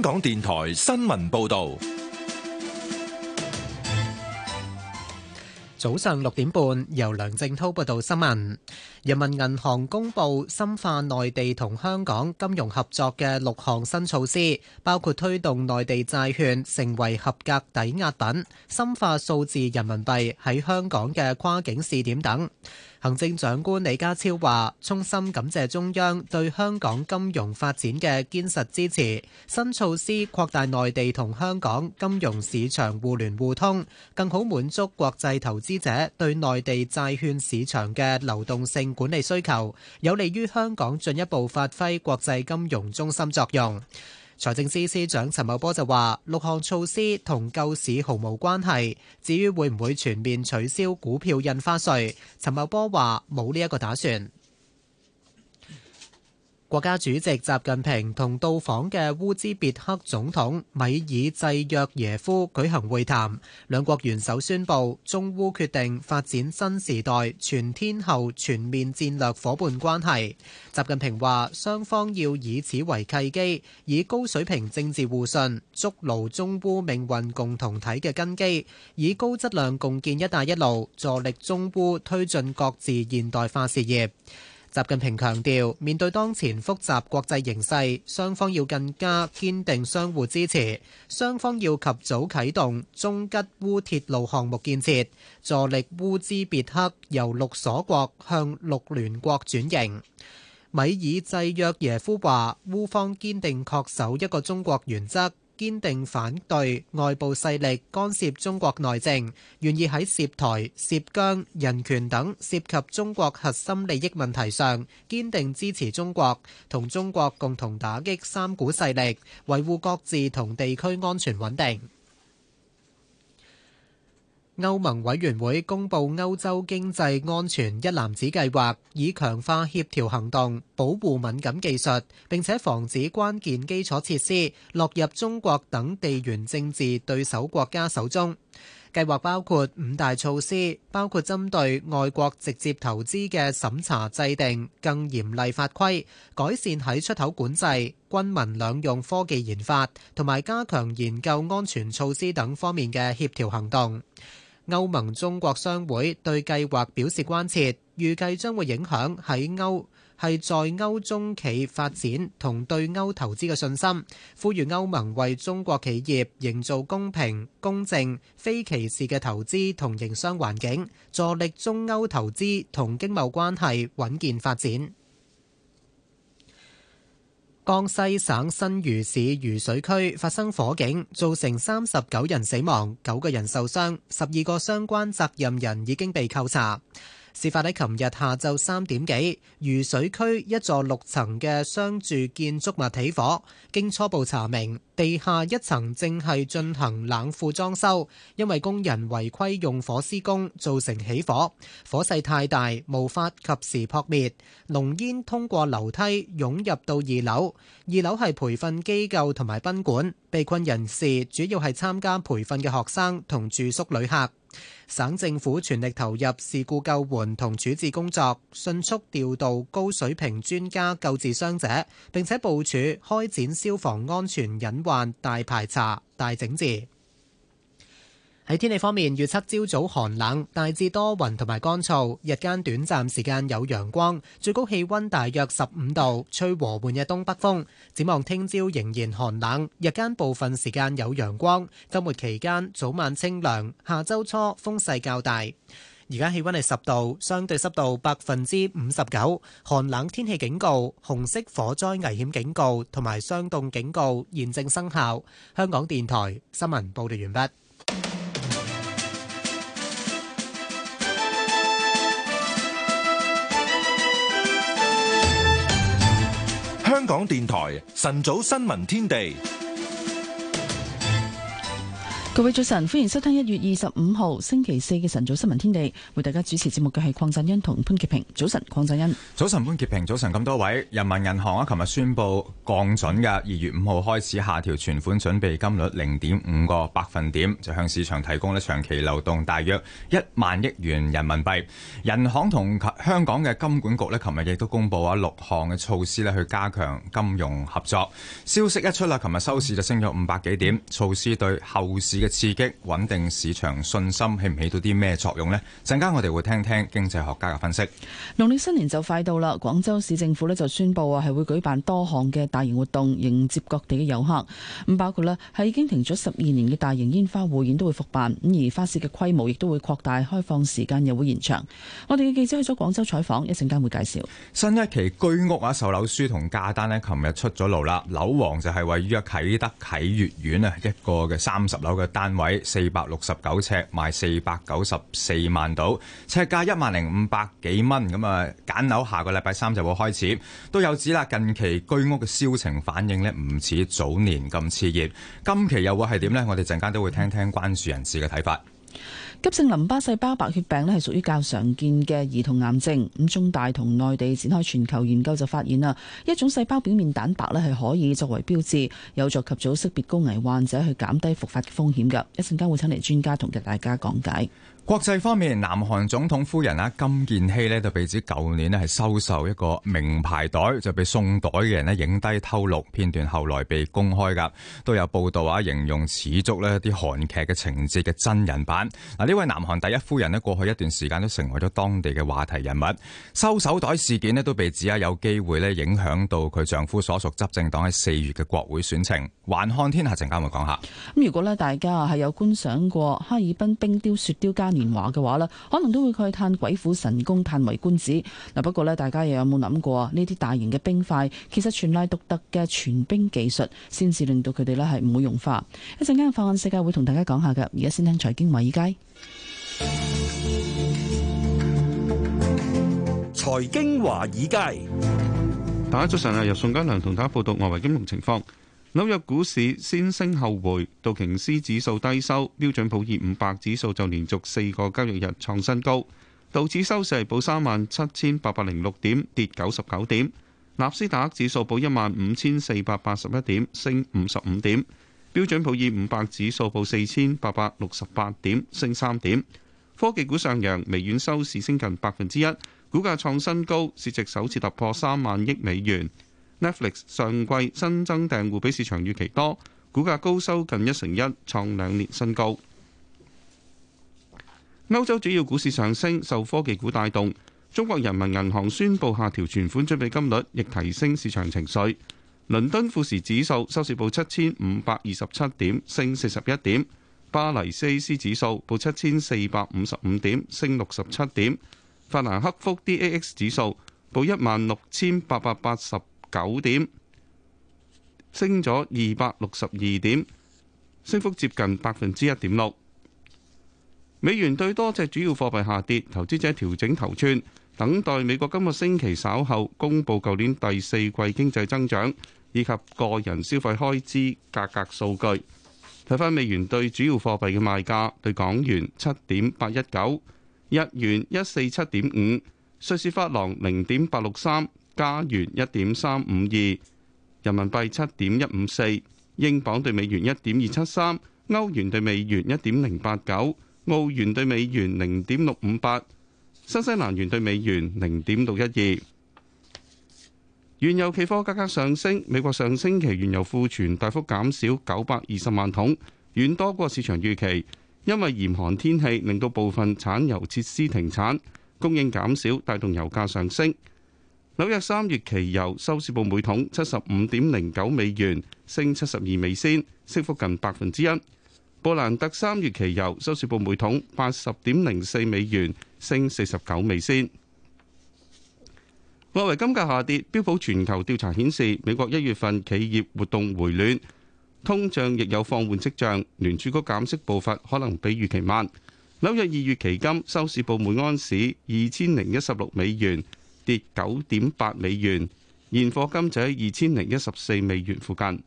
香港電台新聞報道。早上六點半，由梁正滔報道新聞。人民銀行公布深化內地同香港金融合作嘅六項新措施，包括推動內地債券成為合格抵押品、深化數字人民幣喺香港嘅跨境試點等。行政長官李家超話：衷心感謝中央對香港金融發展嘅堅實支持，新措施擴大內地同香港金融市場互聯互通，更好滿足國際投資投資者對內地債券市場嘅流動性管理需求，有利於香港進一步發揮國際金融中心作用。財政司司長陳茂波就話，六項措施同救市毫無關係，至於會唔會全面取消股票印花稅，陳茂波話冇呢一個打算。國家主席習近平同到訪嘅烏茲別克總統米爾濟約耶夫舉行會談，兩國元首宣布中烏決定發展新時代全天候全面戰略伙伴關係。習近平話：雙方要以此為契機，以高水平政治互信築牢中烏命運共同體嘅根基，以高質量共建「一帶一路」助力中烏推進各自現代化事業。習近平強調，面對當前複雜國際形勢，雙方要更加堅定相互支持，雙方要及早啟動中吉烏鐵路項目建設，助力烏茲別克由陸鎖國向陸聯國轉型。米爾濟約耶夫話，烏方堅定恪守一個中國原則。堅定反對外部勢力干涉中國內政，願意喺涉台、涉疆、人權等涉及中國核心利益問題上，堅定支持中國，同中國共同打擊三股勢力，維護各自同地區安全穩定。歐盟委員會公布歐洲經濟安全一籃子計劃，以強化協調行動保護敏感技術，并且防止關鍵基礎設施落入中國等地緣政治對手國家手中。計劃包括五大措施，包括針對外國直接投資嘅審查制定更嚴厲法規、改善喺出口管制軍民兩用科技研發同埋加強研究安全措施等方面嘅協調行動。歐盟中國商會對計劃表示關切，預計將會影響喺歐，係在歐中企發展同對歐投資嘅信心，呼籲歐盟為中國企業營造公平、公正、非歧視嘅投資同營商環境，助力中歐投資同經貿關係穩健發展。江西省新餘市渝水區發生火警，造成三十九人死亡，九個人受傷，十二個相關責任人已經被扣查。事發喺琴日，下晝三點幾，渝水區一座六層嘅商住建築物起火。經初步查明，地下一層正係進行冷庫裝修，因為工人違規用火施工，造成起火。火勢太大，無法及時撲滅，濃煙通過樓梯湧入到二樓。二樓係培訓機構同埋賓館，被困人士主要係參加培訓嘅學生同住宿旅客。省政府全力投入事故救援同處置工作，迅速調度高水平專家救治傷者，並且部署開展消防安全隱患大排查、大整治。喺天氣方面，預測朝早寒冷，大致多雲同埋乾燥，日間短暫時間有陽光，最高氣溫大約十五度，吹和緩嘅東北風。展望聽朝仍然寒冷，日間部分時間有陽光。周末期間早晚清涼，下周初風勢較大。而家氣溫係十度，相對濕度百分之五十九。寒冷天氣警告、紅色火災危險警告同埋霜凍警告現正生效。香港電台新聞報道完畢。港電台晨早新聞天地。各位早晨，歡迎收聽一月二十五號星期四嘅晨早新聞天地，為大家主持節目嘅係鄺振恩同潘潔平。早晨，鄺振恩。早晨，潘潔平。早晨，咁多位。人民銀行啊，琴日宣布降準嘅，二月五號開始下調存款準備金率零點五個百分點，就向市場提供咧長期流動大約一萬億元人民幣。人行同香港嘅金管局咧，琴日亦都公布啊六項嘅措施咧，去加強金融合作。消息一出啦，琴日收市就升咗五百幾點。措施對後市嘅。刺激穩定市場信心起唔起到啲咩作用呢？陣間我哋會聽聽經濟學家嘅分析。農曆新年就快到啦，廣州市政府呢就宣布啊，係會舉辦多項嘅大，大型活動，迎接各地嘅遊客。咁包括咧係已經停咗十二年嘅大型煙花匯演都會復辦，咁而花市嘅規模亦都會擴大，開放時間又會延長。我哋嘅記者去咗廣州採訪，一陣間會介紹。新一期居屋啊售樓書同價單呢，琴日出咗爐啦。樓王就係位於啟德啟悦苑啊，一個嘅三十樓嘅。單位四百六十九尺賣四百九十四萬到，尺價一萬零五百幾蚊，咁啊揀樓下個禮拜三就會開始，都有指啦。近期居屋嘅銷情反應呢，唔似早年咁熾熱，今期又會係點呢？我哋陣間都會聽聽關注人士嘅睇法。急性淋巴細胞白血病呢係屬於較常見嘅兒童癌症。咁中大同內地展開全球研究就發現啦，一種細胞表面蛋白呢係可以作為標誌，有助及早識別高危患者去減，去減低復發嘅風險。噶一陣間會請嚟專家同大家講解。國際方面，南韓總統夫人啊金建希咧，就被指舊年咧係收受一個名牌袋，就被送袋嘅人咧影低偷錄片段，後來被公開噶，都有報道啊，形容似足咧啲韓劇嘅情節嘅真人版。嗱，呢位南韓第一夫人咧，過去一段時間都成為咗當地嘅話題人物。收手袋事件咧，都被指啊有機會咧影響到佢丈夫所屬執政黨喺四月嘅國會選情。環看天下陣間會講下，咁如果咧大家係有觀賞過哈爾濱冰雕雪雕嘉電話嘅話啦，可能都會慨嘆鬼斧神工、嘆為觀止。嗱，不過咧，大家又有冇諗過啊？呢啲大型嘅冰塊，其實全賴獨特嘅存冰技術，先至令到佢哋咧係唔會融化。一陣間嘅放眼世界會同大家講下嘅，而家先聽財經華爾街。財經華爾街，大家早晨啊！由宋嘉良同大家報道外圍金融情況。紐約股市先升後回，道瓊斯指數低收，標準普爾五百指數就連續四個交易日創新高，道指收市係報三萬七千八百零六點，跌九十九點；納斯達克指數報一萬五千四百八十一點，升五十五點；標準普爾五百指數報四千八百六十八點，升三點。科技股上揚，微軟收市升近百分之一，股價創新高，市值首次突破三萬億美元。Netflix 上季新增訂戶比市場預期多，股價高收近一成一，創兩年新高。歐洲主要股市上升，受科技股帶動。中國人民銀行宣布下調存款準備金率，亦提升市場情緒。倫敦富時指數收市報七千五百二十七點，升四十一點；巴黎 CAC 指數報七千四百五十五點，升六十七點；法蘭克福 DAX 指數報一萬六千八百八十九點升咗二百六十二點，升幅接近百分之一點六。美元對多隻主要貨幣下跌，投資者調整頭寸，等待美國今個星期稍後公佈舊年第四季經濟增長以及個人消費開支價格數據。睇翻美元對主要貨幣嘅賣價，對港元七點八一九，日元一四七點五，瑞士法郎零點八六三。加元一點三五二，2，人民幣七點一五四，英鎊兌美元一點二七三，歐元兌美元一點零八九，澳元兌美元零點六五八，新西蘭元兌美元零點六一二。原油期貨價格上升，美國上星期原油庫存大幅減少九百二十萬桶，遠多過市場預期，因為嚴寒天氣令到部分產油設施停產，供應減少，帶動油價上升。紐約三月期油收市報每桶七十五點零九美元，升七十二美仙，升幅近百分之一。布蘭特三月期油收市報每桶八十點零四美元，升四十九美仙。外圍金價下跌，標普全球調查顯示，美國一月份企業活動回暖，通脹亦有放緩跡象。聯儲局減息步伐可能比預期慢。紐約二月期金收市報每安士二千零一十六美元，跌九點八美元，現貨金就喺二千零一十四美元附近。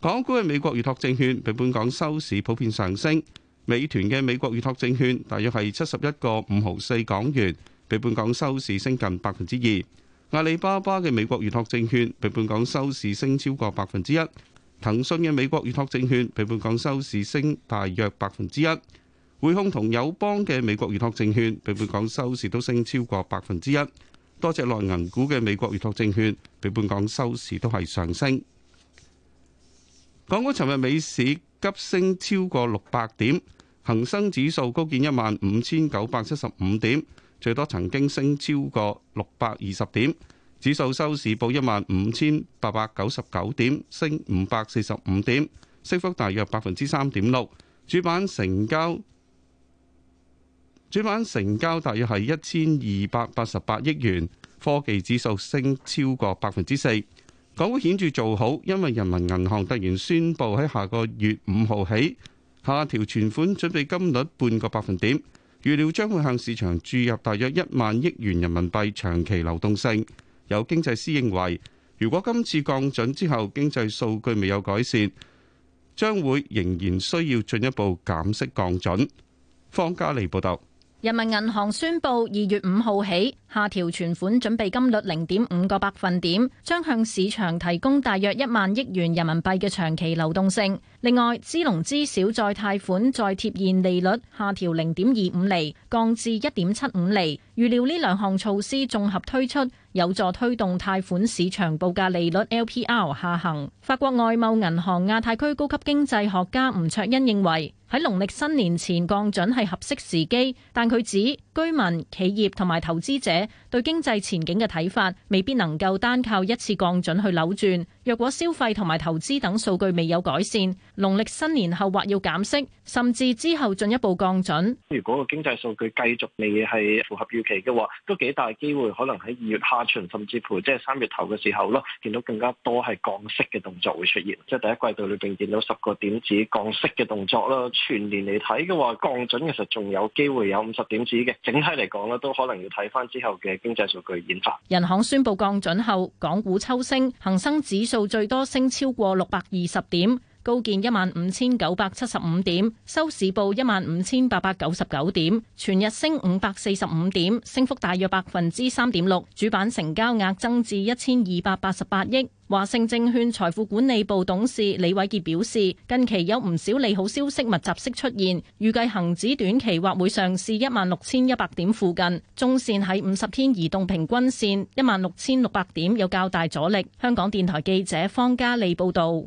港股嘅美國預託證券比本港收市普遍上升。美團嘅美國預託證券大約係七十一個五毫四港元，比本港收市升近百分之二。阿里巴巴嘅美國預託證券比本港收市升超過百分之一。騰訊嘅美國預託證券比本港收市升大約百分之一。匯控同友邦嘅美國預託證券，比本港收市都升超過百分之一。多隻內銀股嘅美國預託證券，比本港收市都係上升。港股尋日美市急升超過六百點，恒生指數高見一萬五千九百七十五點，最多曾經升超過六百二十點。指數收市報一萬五千八百九十九點，升五百四十五點，升幅大約百分之三點六。主板成交。主板成交大約係一千二百八十八億元，科技指數升超過百分之四。港股顯著做好，因為人民銀行突然宣布喺下個月五號起下調存款準備金率半個百分點，預料將會向市場注入大約一萬億元人民幣長期流動性。有經濟師認為，如果今次降準之後經濟數據未有改善，將會仍然需要進一步減息降準。方嘉利報道。人民銀行宣布，二月五號起下調存款準備金率零點五個百分點，將向市場提供大約一萬億元人民幣嘅長期流動性。另外，支農支小再貸款再貼現利率下調零點二五厘，降至一點七五厘。預料呢兩項措施綜合推出。有助推動貸款市場報價利率 LPR 下行。法國外貿銀行亞太區高級經濟學家吳卓恩認為，喺農曆新年前降準係合適時機，但佢指居民、企業同埋投資者對經濟前景嘅睇法未必能夠單靠一次降準去扭轉。若果消費同埋投資等數據未有改善，農曆新年後或要減息，甚至之後進一步降準。如果個經濟數據繼續未係符合預期嘅話，都幾大機會可能喺二月下旬甚至乎即係三月頭嘅時候咯，見到更加多係降息嘅動作會出現。即係第一季度裏邊見到十個點子降息嘅動作啦，全年嚟睇嘅話，降準其實仲有機會有五十點子嘅。整體嚟講呢，都可能要睇返之後嘅經濟數據演發。人行宣布降準後，港股抽升，恒生指數到最多升超過六百二十點。高見一萬五千九百七十五點，收市報一萬五千八百九十九點，全日升五百四十五點，升幅大約百分之三點六。主板成交額增至一千二百八十八億。華盛證券財富管理部董事李偉傑表示，近期有唔少利好消息密集式出現，預計恒指短期或會上試一萬六千一百點附近。中線喺五十天移動平均線一萬六千六百點有較大阻力。香港電台記者方嘉莉報道。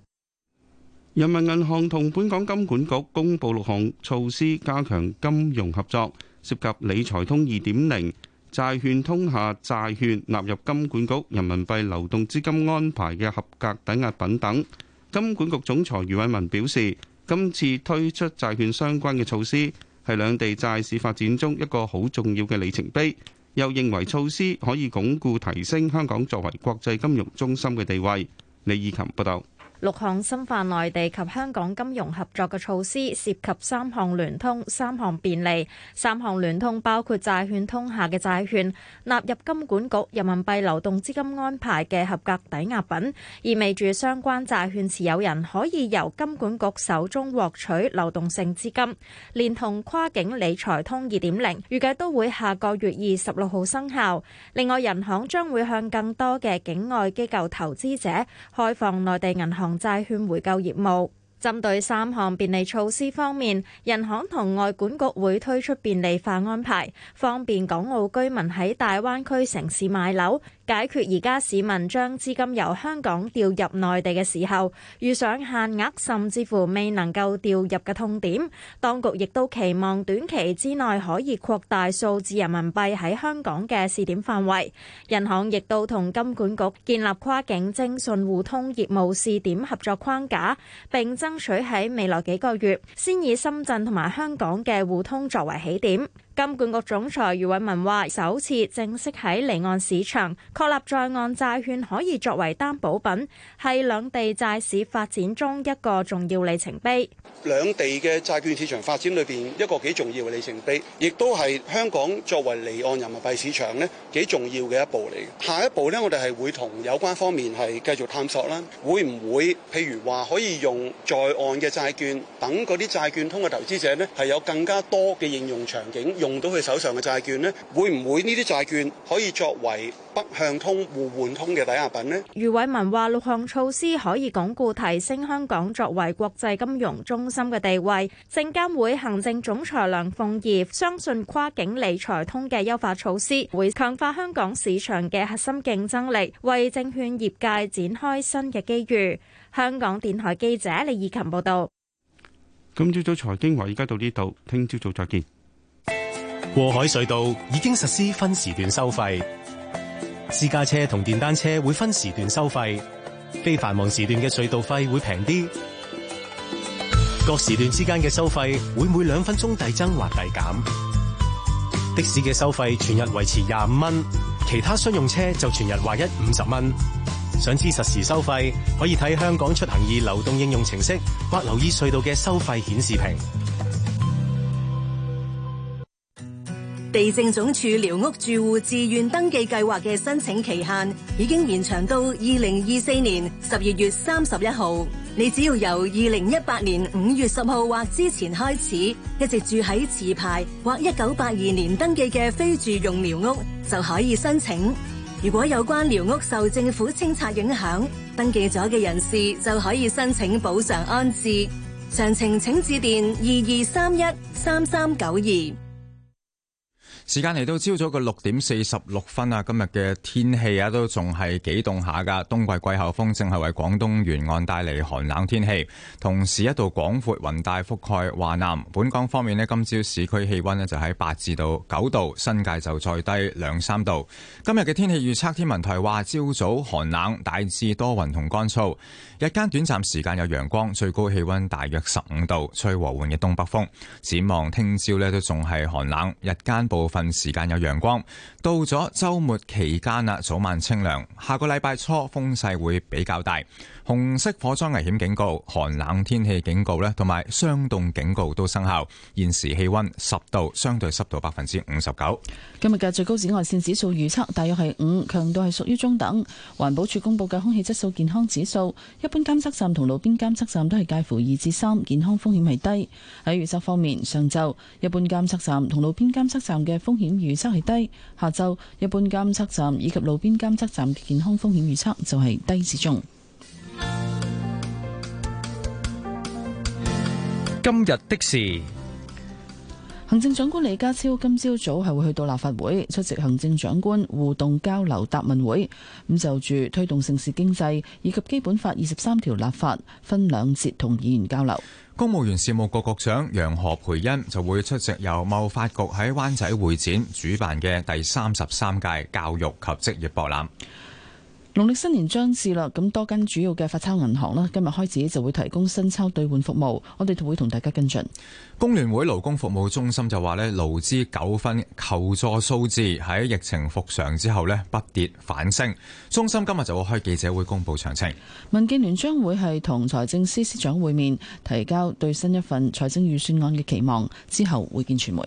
人民銀行同本港金管局公布六項措施，加強金融合作，涉及理財通2.0、債券通下債券納入金管局人民幣流動資金安排嘅合格抵押品等。金管局總裁余偉文表示，今次推出債券相關嘅措施係兩地債市發展中一個好重要嘅里程碑，又認為措施可以鞏固提升香港作為國際金融中心嘅地位。李以琴報道。六項深化內地及香港金融合作嘅措施，涉及三項聯通、三項便利。三項聯通包括債券通下嘅債券納入金管局人民幣流動資金安排嘅合格抵押品，意味住相關債券持有人可以由金管局手中獲取流動性資金。連同跨境理財通二點零預計都會下個月二十六號生效。另外，銀行將會向更多嘅境外機構投資者開放內地銀行。同債券回購業務，針對三項便利措施方面，人行同外管局會推出便利化安排，方便港澳居民喺大灣區城市買樓。解決而家市民將資金由香港調入內地嘅時候，遇上限額甚至乎未能夠調入嘅痛點，當局亦都期望短期之內可以擴大數字人民幣喺香港嘅試點範圍。銀行亦都同金管局建立跨境徵信互通業務試點合作框架，並爭取喺未來幾個月先以深圳同埋香港嘅互通作為起點。金管局總裁余偉文話，首次正式喺離岸市場確立在岸債券可以作為擔保品，係兩地債市發展中一個重要里程碑。兩地嘅債券市場發展裏邊一個幾重要嘅里程碑，亦都係香港作為離岸人民幣市場咧幾重要嘅一步嚟嘅。下一步咧，我哋係會同有關方面係繼續探索啦，會唔會譬如話可以用在岸嘅債券等嗰啲債券，債券通過投資者咧係有更加多嘅應用場景。用到佢手上嘅債券咧，會唔會呢啲債券可以作為北向通互換通嘅抵押品咧？余偉文話六項措施可以鞏固提升香港作為國際金融中心嘅地位。證監會行政總裁梁鳳儀相信跨境理財通嘅優化措施會強化香港市場嘅核心競爭力，為證券業界展開新嘅機遇。香港電台記者李以琴報道。今朝早財經話，而家到呢度，聽朝早再見。過海隧道已經實施分時段收費，私家車同電單車會分時段收費，非繁忙時段嘅隧道費會平啲。各時段之間嘅收費會每兩分鐘遞增或遞減。 的士嘅收費全日維持廿五蚊，其他商用車就全日話一五十蚊。想知實時收費，可以睇香港出行易流動應用程式或留意隧道嘅收費顯示屏。地政總署寮屋住戶自願登記計劃嘅申請期限已經延長到二零二四年十二月三十一號。你只要由二零一八年五月十號或之前開始，一直住喺持牌或一九八二年登記嘅非住用寮屋，就可以申請。如果有關寮屋受政府清拆影響，登記咗嘅人士就可以申請補償安置。詳情請致電二二三一三三九二。時間嚟到朝早嘅六點四十六分啊，今日嘅天氣啊都仲係幾凍下噶冬季季候風正係為廣東沿岸帶嚟寒冷天氣，同時一道廣闊雲帶覆蓋華南。本港方面呢，今朝市區氣溫呢，就喺八至到九度，新界就再低兩三度。今日嘅天氣預測，天文台話朝早寒冷，大致多雲同乾燥，日間短暫時間有陽光，最高氣溫大約十五度，吹和緩嘅東北風。展望聽朝呢，都仲係寒冷，日間部份時間有陽光，到咗周末期間啊，早晚清涼。下個禮拜初風勢會比較大，紅色火災危險警告、寒冷天氣警告呢，同埋霜凍警告都生效。現時氣溫十度，相對濕度百分之五十九。今日嘅最高紫外線指數預測大約係五，強度係屬於中等。環保署公布嘅空氣質素健康指數，一般監測站同路邊監測站都係介乎二至三，健康風險係低。喺預測方面，上晝一般監測站同路邊監測站嘅風險預測係低，下晝一般監測站以及路邊監測站嘅健康風險預測就係低至中。今日的事，行政長官李家超今朝早係會去到立法會出席行政長官互動交流答問會，咁就住推動城市經濟以及基本法二十三條立法，分兩節同議員交流。公務員事務局局長楊何蓓茵就會出席由貿發局喺灣仔會展主辦嘅第三十三屆教育及職業博覽。農曆新年將至啦，咁多間主要嘅發鈔銀行啦，今日開始就會提供新鈔兌換服務，我哋會同大家跟進。工聯會勞工服務中心就話咧，勞資糾紛求助數字喺疫情復常之後咧不跌反升，中心今日就會開記者會公布詳情。民建聯將會係同財政司司長會面，提交對新一份財政預算案嘅期望，之後會見傳媒。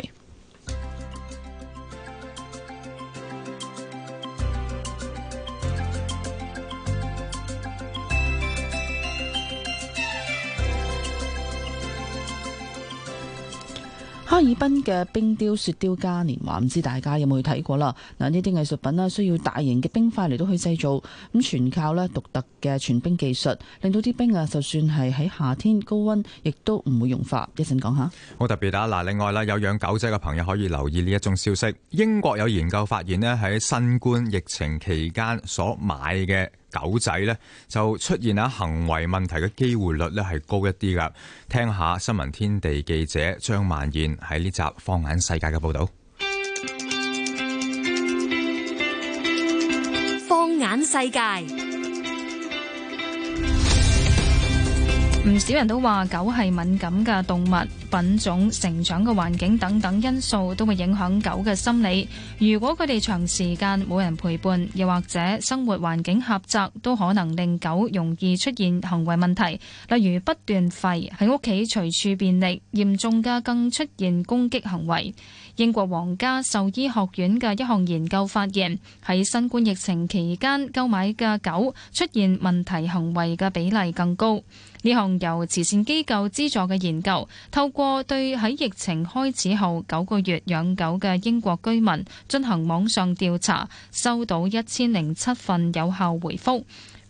哈爾濱嘅冰雕雪雕嘉年華，唔知大家有冇去睇過啦？嗱，呢啲藝術品咧需要大型嘅冰塊嚟到去製造，咁全靠咧獨特嘅存冰技術，令到啲冰啊，就算係喺夏天高溫，亦都唔會融化。講一陣講下，好特別啊！嗱，另外啦，有養狗仔嘅朋友可以留意呢一種消息。英國有研究發現咧，喺新冠疫情期間所買嘅。狗仔咧就出現啊行為問題嘅機會率咧係高一啲㗎，聽下新聞天地記者張曼燕喺呢集《放眼世界》嘅報導。放眼世界。唔少人都話狗係敏感嘅動物，品種、成長嘅環境等等因素都會影響狗嘅心理。如果佢哋長時間冇人陪伴，又或者生活環境狹窄,都可能令狗容易出現行為問題，例如不斷吠，喺屋企隨處便溺，嚴重嘅更出現攻擊行為。英國皇家獸醫學院嘅一項研究發現，新冠疫情期間購買嘅狗出現問題行為嘅比例更高。呢項由慈善機構資助嘅研究，透過對喺疫情開始後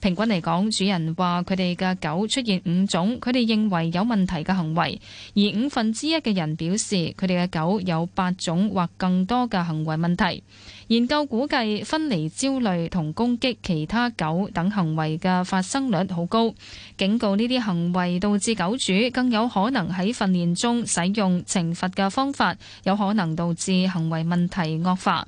平均嚟講，主人話佢哋嘅狗出現五種佢哋認為有問題嘅行為，而五分之一嘅人表示佢哋嘅狗有八種或更多嘅行為問題。研究估計，分離焦慮同攻擊其他狗等行為嘅發生率好高，警告呢啲行為導致狗主更有可能喺訓練中使用懲罰嘅方法，有可能導致行為問題惡化。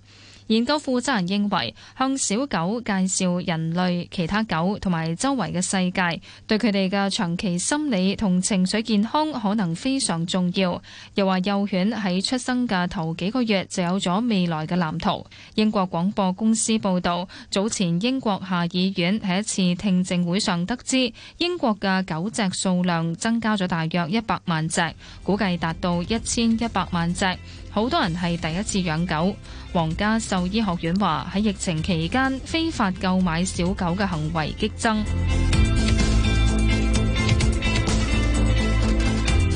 研究負責人認為向小狗介紹人類、其他狗同埋周圍嘅世界，對佢哋嘅長期心理同情緒健康可能非常重要。又話幼犬喺出生嘅頭幾個月就有咗未來嘅藍圖，英國廣播公司報道，早前英國下議院喺一次聽證會上得知，英國嘅狗隻數量增加咗大約一百萬隻，估計達到一千一百萬隻，好多人係第一次養狗。皇家獸醫學院話喺疫情期間，非法購買小狗嘅行為激增。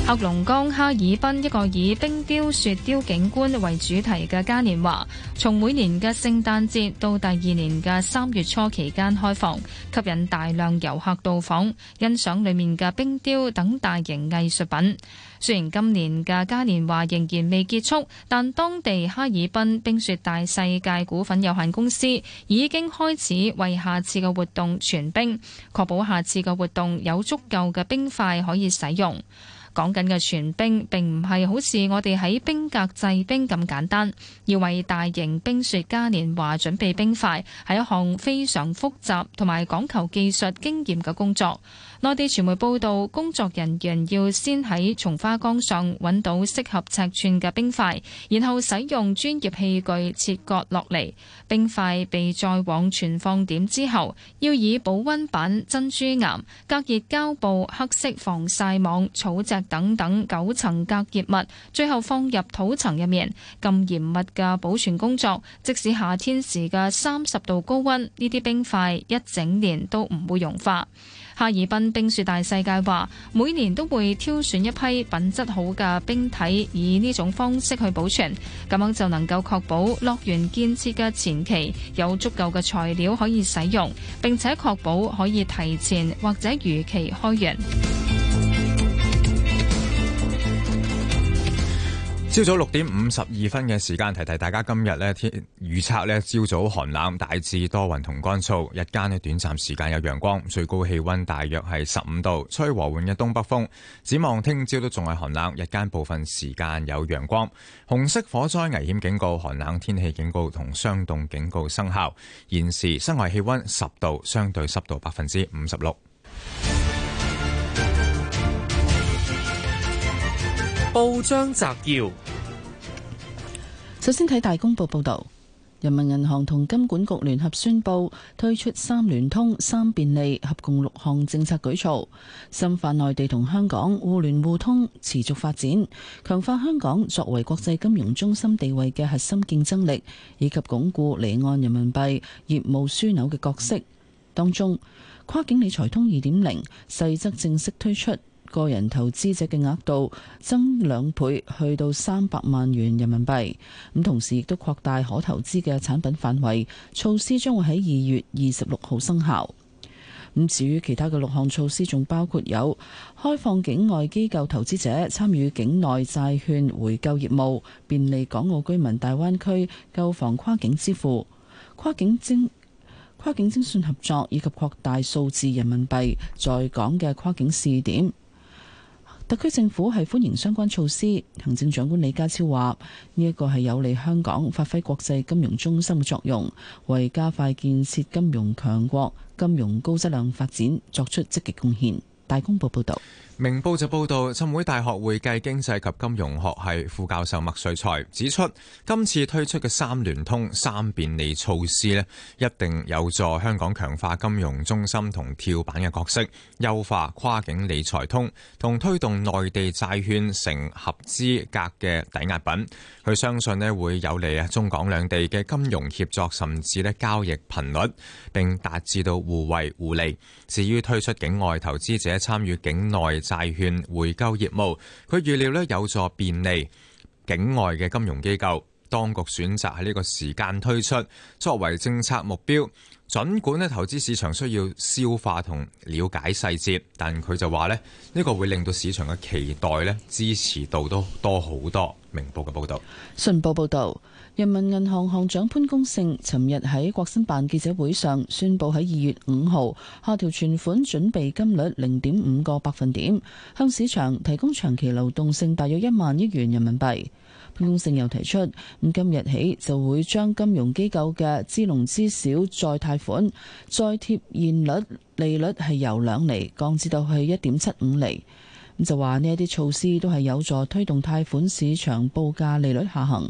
黑龍江哈爾濱一個以冰雕雪雕景觀為主題嘅嘉年華，從每年嘅聖誕節到第二年嘅三月初期間開放，吸引大量遊客到訪欣賞裏面嘅冰雕等大型藝術品。雖然今年嘅嘉年華仍然未結束，但當地哈爾濱冰雪大世界股份有限公司已經開始為下次嘅活動存冰，確保下次嘅活動有足夠嘅冰塊可以使用。講緊嘅存冰並唔係好似我哋喺冰格製冰咁簡單，要為大型冰雪嘉年華準備冰塊，係一項非常複雜同埋講求技術經驗嘅工作。內地傳媒報道，工作人員要先喺松花江上揾到適合尺寸嘅冰塊，然後使用專業器具切割落嚟。冰塊被載往存放點之後，要以保溫板、珍珠岩、隔熱膠布、黑色防曬網、草席等等九層隔熱物，最後放入土層入面。咁嚴密嘅保存工作，即使夏天時嘅三十度高溫，呢啲冰塊一整年都唔會融化。哈爾濱冰雪大世界話，每年都會挑選一批品質好嘅冰體，以呢種方式去保存，咁樣就能夠確保樂園建設嘅前期有足夠嘅材料可以使用，並且確保可以提前或者如期開園。朝早六點五十二分嘅時間，提提大家今日呢，預測呢，朝早，早寒冷，大致多雲同乾燥，日間呢，短暫時間有陽光，最高氣溫大約係十五度，吹和緩嘅東北風。展望聽朝都仲係寒冷，日間部分時間有陽光。紅色火災危險警告，寒冷天氣警告同霜凍警告生效。現時室外氣溫十度，相對濕度百分之五十六。 報章摘要：首先睇大公報報道，人民銀行同金管局聯合宣布推出三聯通、三便利，合共六項政策舉措，深化內地同香港互聯互通，持續發展，強化香港作為國際金融中心地位嘅核心競爭力，以及鞏固離岸人民幣業務樞紐嘅角色。當中，跨境理財通二點零細則正式推出。個人投資者嘅額度增兩倍，去到三百萬元人民幣。咁同時亦都擴大可投資嘅產品範圍。措施將會喺二月二十六號生效。咁至於其他嘅六項措施，仲包括有開放境外機構投資者參與境內債券回購業務，便利港澳居民大灣區購房跨境支付，跨境徵跨境徵信合作，以及擴大數字人民幣在港嘅跨境試點。特區政府係歡迎相關措施。行政長官李家超話：呢一個係有利香港發揮國際金融中心嘅作用，為加快建設金融強國、金融高質量發展作出積極貢獻。大公報報導。明報就報道，浸會大學會計經濟及金融學系副教授麥瑞才指出，今次推出嘅三聯通、三便利措施咧，一定有助香港強化金融中心同跳板嘅角色，優化跨境理財通，同推動內地債券成合資格嘅抵押品。佢相信咧會有利啊中港兩地嘅金融協作，甚至咧交易頻率，並達至到互惠互利。至於推出境外投資者參與境內，債券回購業務，佢預料咧有助便利境外嘅金融機構當局選擇喺呢個時間推出，作為政策目標，盡管咧投資市場需要消化同了解細節，但佢就話咧呢個會令到市場嘅期待咧支持度都多好多。明報嘅報道。信報報導。人民銀行行長潘功勝尋日喺國新辦記者會上宣布，喺二月五號下調存款準備金率零點五個百分點，向市場提供長期流動性大約一萬億元人民幣。潘功勝又提出，咁今日起就會將金融機構嘅支農支小再貸款再貼現率利率係由兩厘降至到去一點七五厘。咁就話呢一啲措施都係有助推動貸款市場報價利率下行。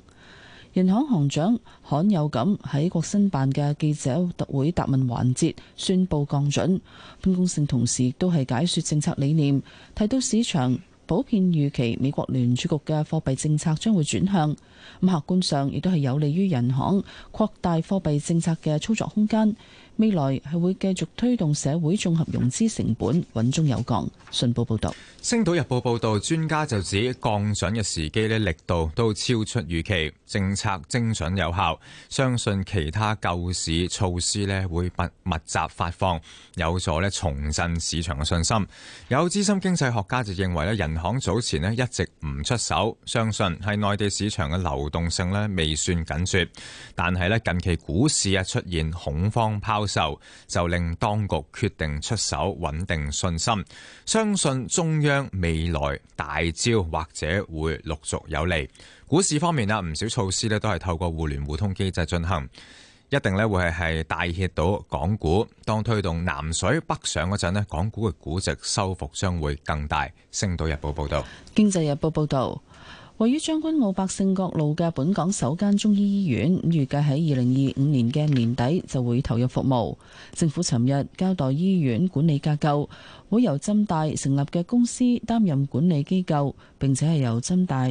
人行行長罕有咁喺國新辦嘅記者特會答問環節宣布降準，潘功勝同時亦都係解說政策理念，提到市場普遍預期美國聯儲局嘅貨幣政策將會轉向，咁客觀上亦都係有利於人行擴大貨幣政策嘅操作空間。未來係會繼續推動社會綜合融資成本穩中有降。信報報道，《星島日報》報道，專家就指降準嘅時機呢，力度都超出預期，政策精準有效，相信其他救市措施呢會密密集發放，有助呢重振市場嘅信心。有資深經濟學家就認為呢，人行早前呢一直唔出手，相信係內地市場嘅流動性呢未算緊絀，但係呢近期股市啊出現恐慌拋。就就令當局決定出手穩定信心，相信中央未來大招或者會陸續有利。股市方面啊，唔少措施咧都係透過互聯互通機制進行，一定咧會係係大 h 到港股。當推動南水北上嗰陣咧，港股嘅估值收復將會更大。星島日報報道，經濟日報報道。位於將軍澳百勝角路嘅本港首間中醫醫院，預計喺二零二五年嘅年底就會投入服務。政府尋日交代醫院管理架構，會由浸大成立嘅公司擔任管理機構，並且係由浸大，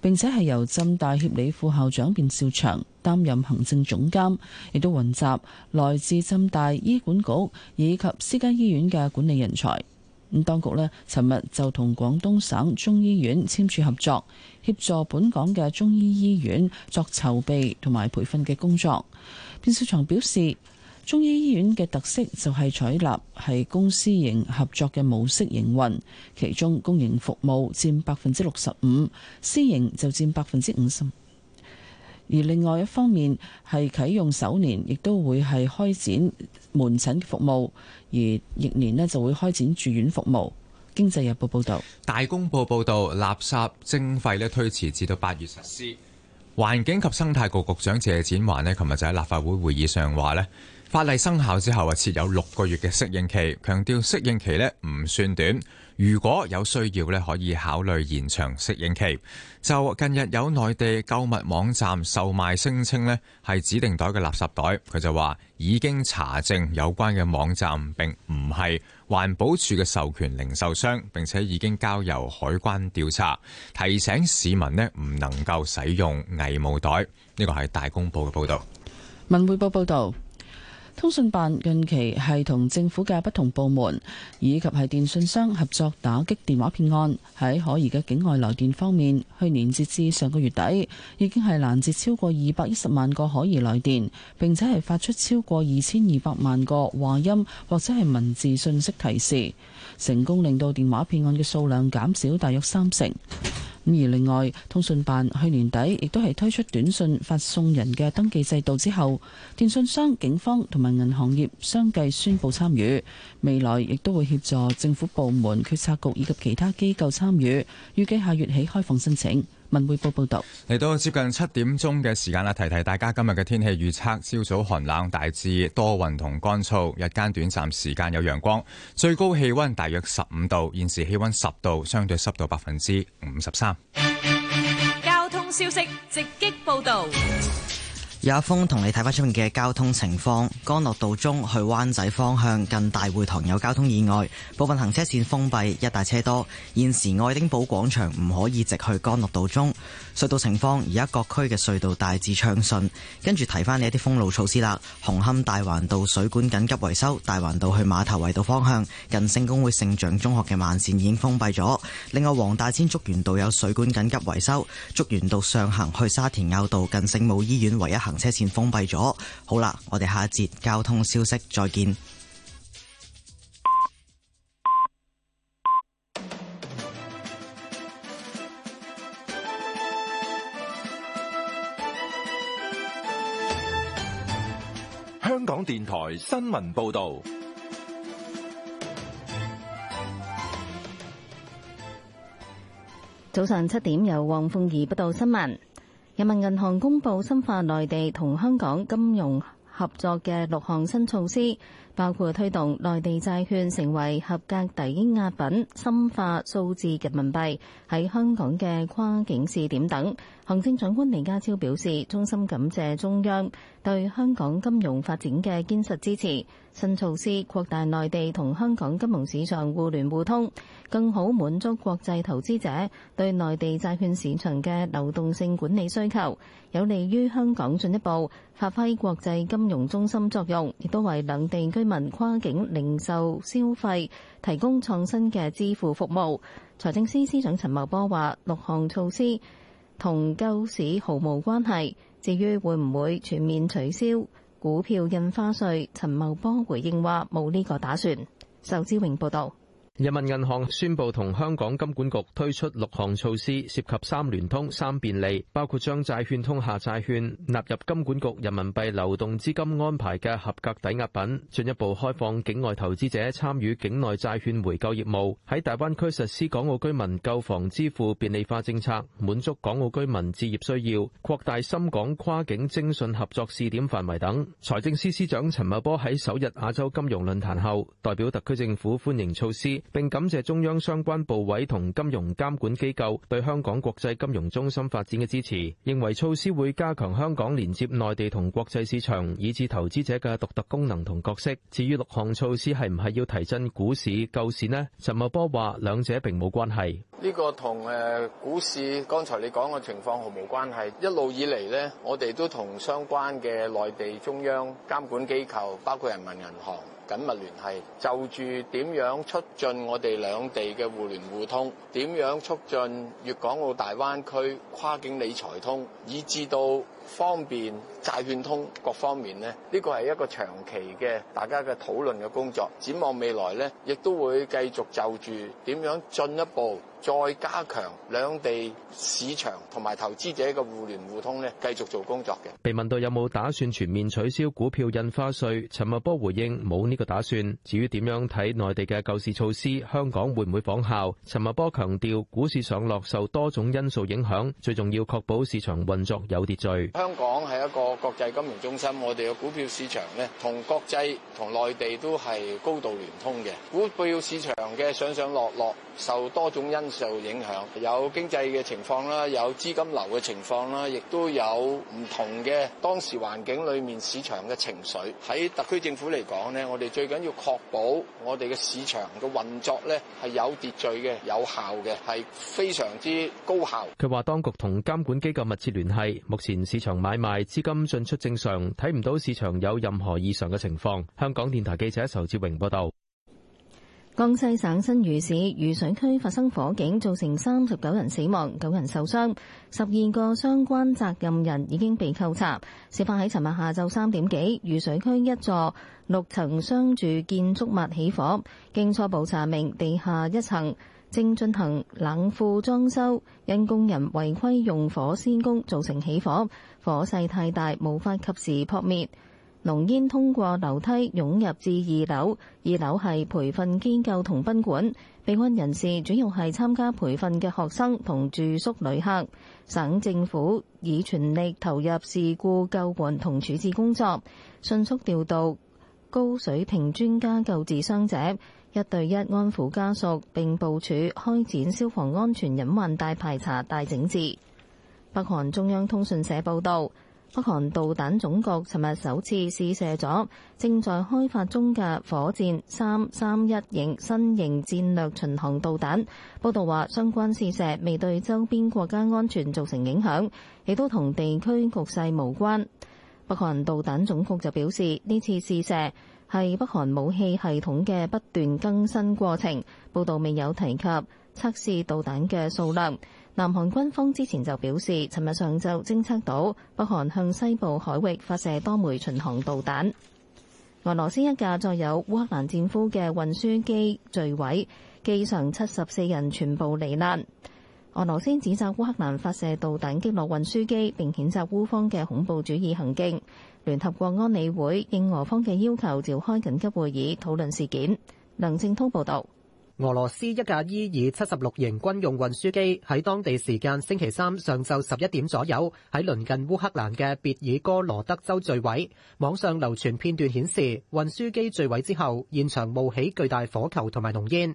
並且係由浸大協理副校長卞少祥擔任行政總監，亦都雲集來自浸大、醫管局以及私家醫院嘅管理人才。咁當局呢，尋日就同廣東省中醫院簽署合作，協助本港嘅中醫醫院作籌備同埋培訓嘅工作。卞兆祥表示，中醫醫院嘅特色就係採納係公私營合作嘅模式營運，其中公營服務佔百分之六十五，私營就佔百分之五十。而另外一方面係啟用首年，亦都會係開展門診服務，而翌年咧就會開展住院服務。經濟日報報道，大公報報道，垃圾徵費咧推遲至到八月實施。環境及生態局局長謝展寰咧，琴日就喺立法會會議上話咧，法例生效之後啊，設有六個月嘅適應期，強調適應期咧唔算短。如果有需要咧，可以考慮延長適應期。就近日有內地購物網站售賣聲稱咧係指定袋嘅垃圾袋，佢就話已經查證有關嘅網站並唔係環保署嘅授權零售商，並且已經交由海關調查。提醒市民咧唔能夠使用偽冒袋。呢個係大公報嘅報導。文匯報報導。通訊辦近期係同政府嘅不同部門以及係電信商合作，打擊電話騙案。喺可疑嘅境外來電方面，去年截至上個月底，已經係攔截超過二百一十萬個可疑來電，並且係發出超過二千二百萬個話音或者係文字信息提示，成功令到電話騙案嘅數量減少大約三成。而另外，通訊辦去年底亦都係推出短信發送人嘅登記制度之後，電信商、警方同埋銀行業相繼宣布參與，未來亦都會協助政府部門、決策局以及其他機構參與，預計下月起開放申請。文匯報報道，嚟到接近七點鐘嘅時間啦，提提大家今日嘅天氣預測。朝早寒冷，大致多雲同乾燥，日間短暫時間有陽光，最高氣温大約十五度，現時氣温十度，相對濕度百分之五十三。交通消息直擊報道。有一封同你睇翻出面嘅交通情況，干諾道中去灣仔方向近大會堂有交通意外，部分行車線封閉，一大車多，現時愛丁堡廣場唔可以直去干諾道中。隧道情況，而家各區嘅隧道大致暢順，跟住提返你一啲封路措施啦。紅磡大環道水管緊急維修，大環道去馬頭圍道方向，近聖公會聖象中學嘅慢線已經封閉咗。另外，黃大仙竹園道有水管緊急維修，竹園道上行去沙田坳道，近聖母醫院唯一行車線封閉咗。好啦，我哋下一節交通消息再見。香港電台新聞報道，早上七點由黃鳳儀報道新聞。人民銀行公布深化內地同香港金融合作嘅六項新措施，包括推動內地債券成為合格抵押品、深化數字人民幣喺香港嘅跨境試點等。行政長官李家超表示，衷心感謝中央對香港金融發展嘅堅實支持。新措施擴大內地同香港金融市場互聯互通，更好滿足國際投資者對內地債券市場嘅流動性管理需求，有利於香港進一步。發揮國際金融中心作用，亦都為兩地居民跨境零售消費提供創新嘅支付服務。財政司司長陳茂波話：六項措施同救市毫無關係。至於會唔會全面取消股票印花稅，陳茂波回應話：冇呢個打算。仇志榮報導。人民銀行宣佈同香港金管局推出六項措施，涉及三聯通、三便利，包括將債券通下債券納入金管局人民幣流動資金安排嘅合格抵押品，進一步開放境外投資者參與境內債券回購業務，喺大灣區實施港澳居民購房支付便利化政策，滿足港澳居民置業需要；擴大深港跨境徵信合作試點範圍等。財政司司司長陳茂波喺首日亞洲金融論壇後，代表特區政府歡迎措施。並感謝中央相關部委同金融監管機構對香港國際金融中心發展嘅支持，認為措施會加強香港連接內地同國際市場，以至投資者嘅獨特功能同角色。至於六項措施係唔係要提振股市、救市呢？陳茂波話兩者並冇關係，呢個同誒股市剛才你講嘅情況毫無關係。一路以嚟呢，我哋都同相關嘅內地中央監管機構，包括人民銀行。緊密聯繫，就住點樣促進我哋兩地嘅互聯互通，點樣促進粵港澳大灣區跨境理財通，以至到，方便債券通各方面呢，呢，呢個係一個長期嘅大家嘅討論嘅工作。展望未來咧，亦都會繼續就住點樣進一步再加強兩地市場同埋投資者嘅互聯互通咧，繼續做工作嘅。被問到有冇打算全面取消股票印花稅，陳茂波回應冇呢個打算。至於點樣睇內地嘅救市措施，香港會唔會仿效？陳茂波強調，股市上落受多種因素影響，最重要確保市場運作有秩序。香港係一個國際金融中心，我哋嘅股票市場咧，同國際同內地都係高度聯通嘅。股票市場嘅上上落落受多種因素影響，有經濟嘅情況啦，有資金流嘅情況啦，亦都有唔同嘅當時環境裏面市場嘅情緒。喺特區政府嚟講咧，我哋最緊要確保我哋嘅市場嘅運作咧係有秩序嘅、有效嘅，係非常之高效。佢話當局同監管機構密切聯繫，目前市場。市場買賣資金進出正常，睇唔到市場有任何異常嘅情況。香港電台記者仇志榮報道。江西省新餘市渝水區發生火警，造成三十九人死亡、九人受傷，十二個相關責任人已經被扣查。事發喺尋日下晝三點幾，渝水區一座六層商住建築物起火，經初步查明，地下一層。正進行冷庫裝修，因工人違規用火施工造成起火，火勢太大，無法及時撲滅。濃煙通過樓梯湧入至二樓，二樓係培訓機構同賓館。被困人士主要係參加培訓嘅學生同住宿旅客。省政府已全力投入事故救援同處置工作，迅速調度高水平專家救治傷者。一對一安撫家屬，並部署開展消防安全隱患大排查大整治。北韓中央通訊社報道，北韓導彈總局尋日首次試射咗正在開發中嘅火箭三三一型新型戰略巡航導彈。報道話，相關試射未對周邊國家安全造成影響，亦都同地區局勢無關。北韓導彈總局就表示，呢次試射係北韓武器系統嘅不斷更新過程。報道未有提及測試導彈嘅數量。南韓軍方之前就表示，尋日上晝偵測到北韓向西部海域發射多枚巡航導彈。俄羅斯一架載有烏克蘭戰俘嘅運輸機墜毀，機上七十四人全部罹難。俄羅斯指責烏克蘭發射導彈擊落運輸機，並譴責烏方嘅恐怖主義行徑。聯合國安理會應俄方嘅要求召開緊急會議，討論事件。林正通報道，俄羅斯一架伊爾七十六型軍用運輸機喺當地時間星期三上晝十一點左右喺鄰近烏克蘭嘅別爾哥羅德州墜毀。網上流傳片段顯示，運輸機墜毀之後，現場冒起巨大火球同埋濃煙。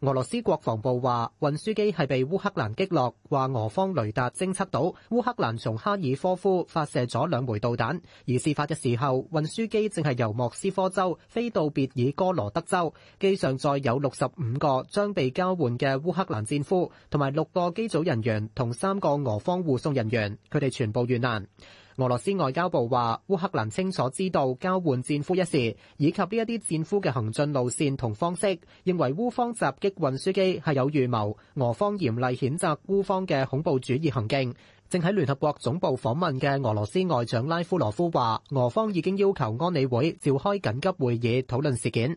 俄羅斯國防部話，運輸機係被烏克蘭擊落，話俄方雷達偵測到烏克蘭從哈爾科夫發射咗兩枚導彈。而事發嘅時候，運輸機正係由莫斯科州飛到別爾哥羅德州，機上載有六十五個將被交換嘅烏克蘭戰俘，同埋六個機組人員同三個俄方護送人員，佢哋全部遇難。俄羅斯外交部話：烏克蘭清楚知道交換戰俘一事，以及呢一啲戰俘嘅行進路線同方式，認為烏方襲擊運輸機係有預謀。俄方嚴厲譴責烏方嘅恐怖主義行徑。正喺聯合國總部訪問嘅俄羅斯外長拉夫羅夫話，俄方已經要求安理會召開緊急會議討論事件。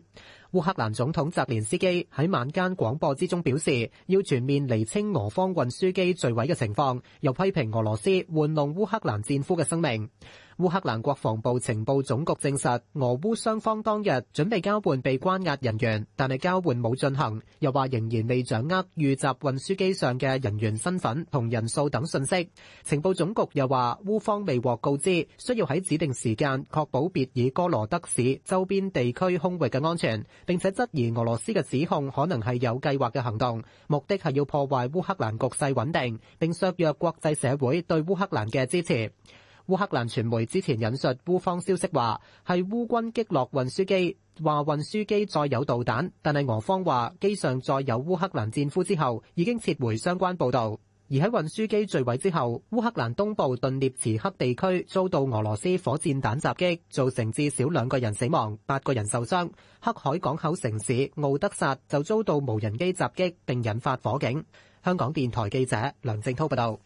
烏克蘭總統澤連斯基喺晚間廣播之中表示，要全面釐清俄方運輸機墜毀嘅情況，又批評俄羅斯玩弄烏克蘭戰俘嘅生命。烏克蘭國防部情報總局證實，俄烏雙方當日準備交換被關押人員，但係交換冇進行。又話仍然未掌握遇襲運輸機上嘅人員身份同人數等信息。情報總局又話，烏方未獲告知需要喺指定時間確保別爾哥羅德市周邊地區空域嘅安全，並且質疑俄羅斯嘅指控可能係有計劃嘅行動，目的係要破壞烏克蘭局勢穩定，並削弱國際社會對烏克蘭嘅支持。烏克蘭傳媒之前引述烏方消息話，係烏軍擊落運輸機，話運輸機載有導彈，但係俄方話機上載有烏克蘭戰俘之後，已經撤回相關報導。而喺運輸機墜毀之後，烏克蘭東部頓涅茨克地區遭到俄羅斯火箭彈襲擊，造成至少兩個人死亡、八個人受傷。黑海港口城市奧德薩就遭到無人機襲擊並引發火警。香港電台記者梁正滔報道。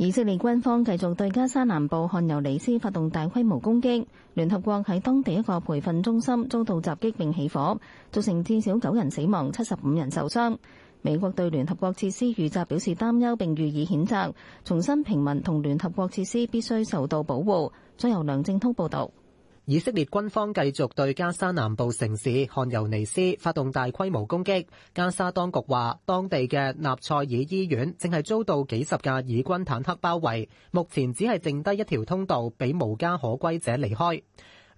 以色列軍方繼續對加沙南部汗尤尼斯發動大規模攻擊，聯合國喺當地一個培訓中心遭到襲擊並起火，造成至少九人死亡、七十五人受傷。美國對聯合國設施遇襲表示擔憂並予以譴責，重申平民同聯合國設施必須受到保護。再由梁正通報導。以色列軍方繼續對加沙南部城市汗尤尼斯發動大規模攻擊。加沙當局話，當地嘅納賽爾醫院正係遭到幾十架以軍坦克包圍，目前只係剩低一條通道俾無家可歸者離開。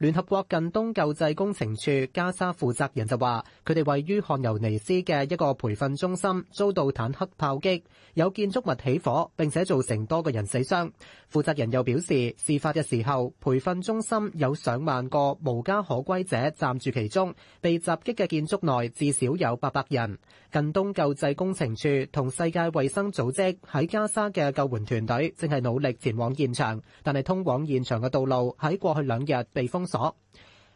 聯合國近東救濟工程處加沙負責人就話：佢哋位於汗尤尼斯嘅一個培訓中心遭到坦克炮擊，有建築物起火，並且造成多個人死傷。負責人又表示，事發嘅時候培訓中心有上萬個無家可歸者暫住其中，被襲擊嘅建築內至少有八百人。近東救濟工程處同世界衛生組織喺加沙嘅救援團隊正係努力前往現場，但係通往現場嘅道路喺過去兩日被封。早。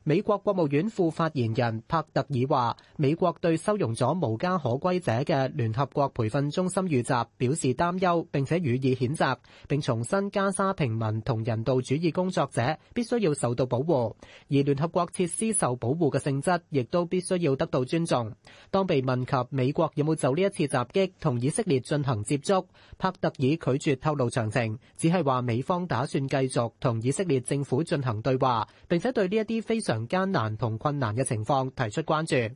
美國國務院副發言人帕特爾話：美國對收容咗無家可歸者嘅聯合國培訓中心遇襲表示擔憂，並且予以譴責。並重申加沙平民同人道主義工作者必須要受到保護，而聯合國設施受保護嘅性質亦都必須要得到尊重。當被問及美國有冇就呢一次襲擊同以色列進行接觸，帕特爾拒絕透露詳情，只係話美方打算繼續同以色列政府進行對話，並且對呢一啲非常艱難同困難嘅情況提出關注。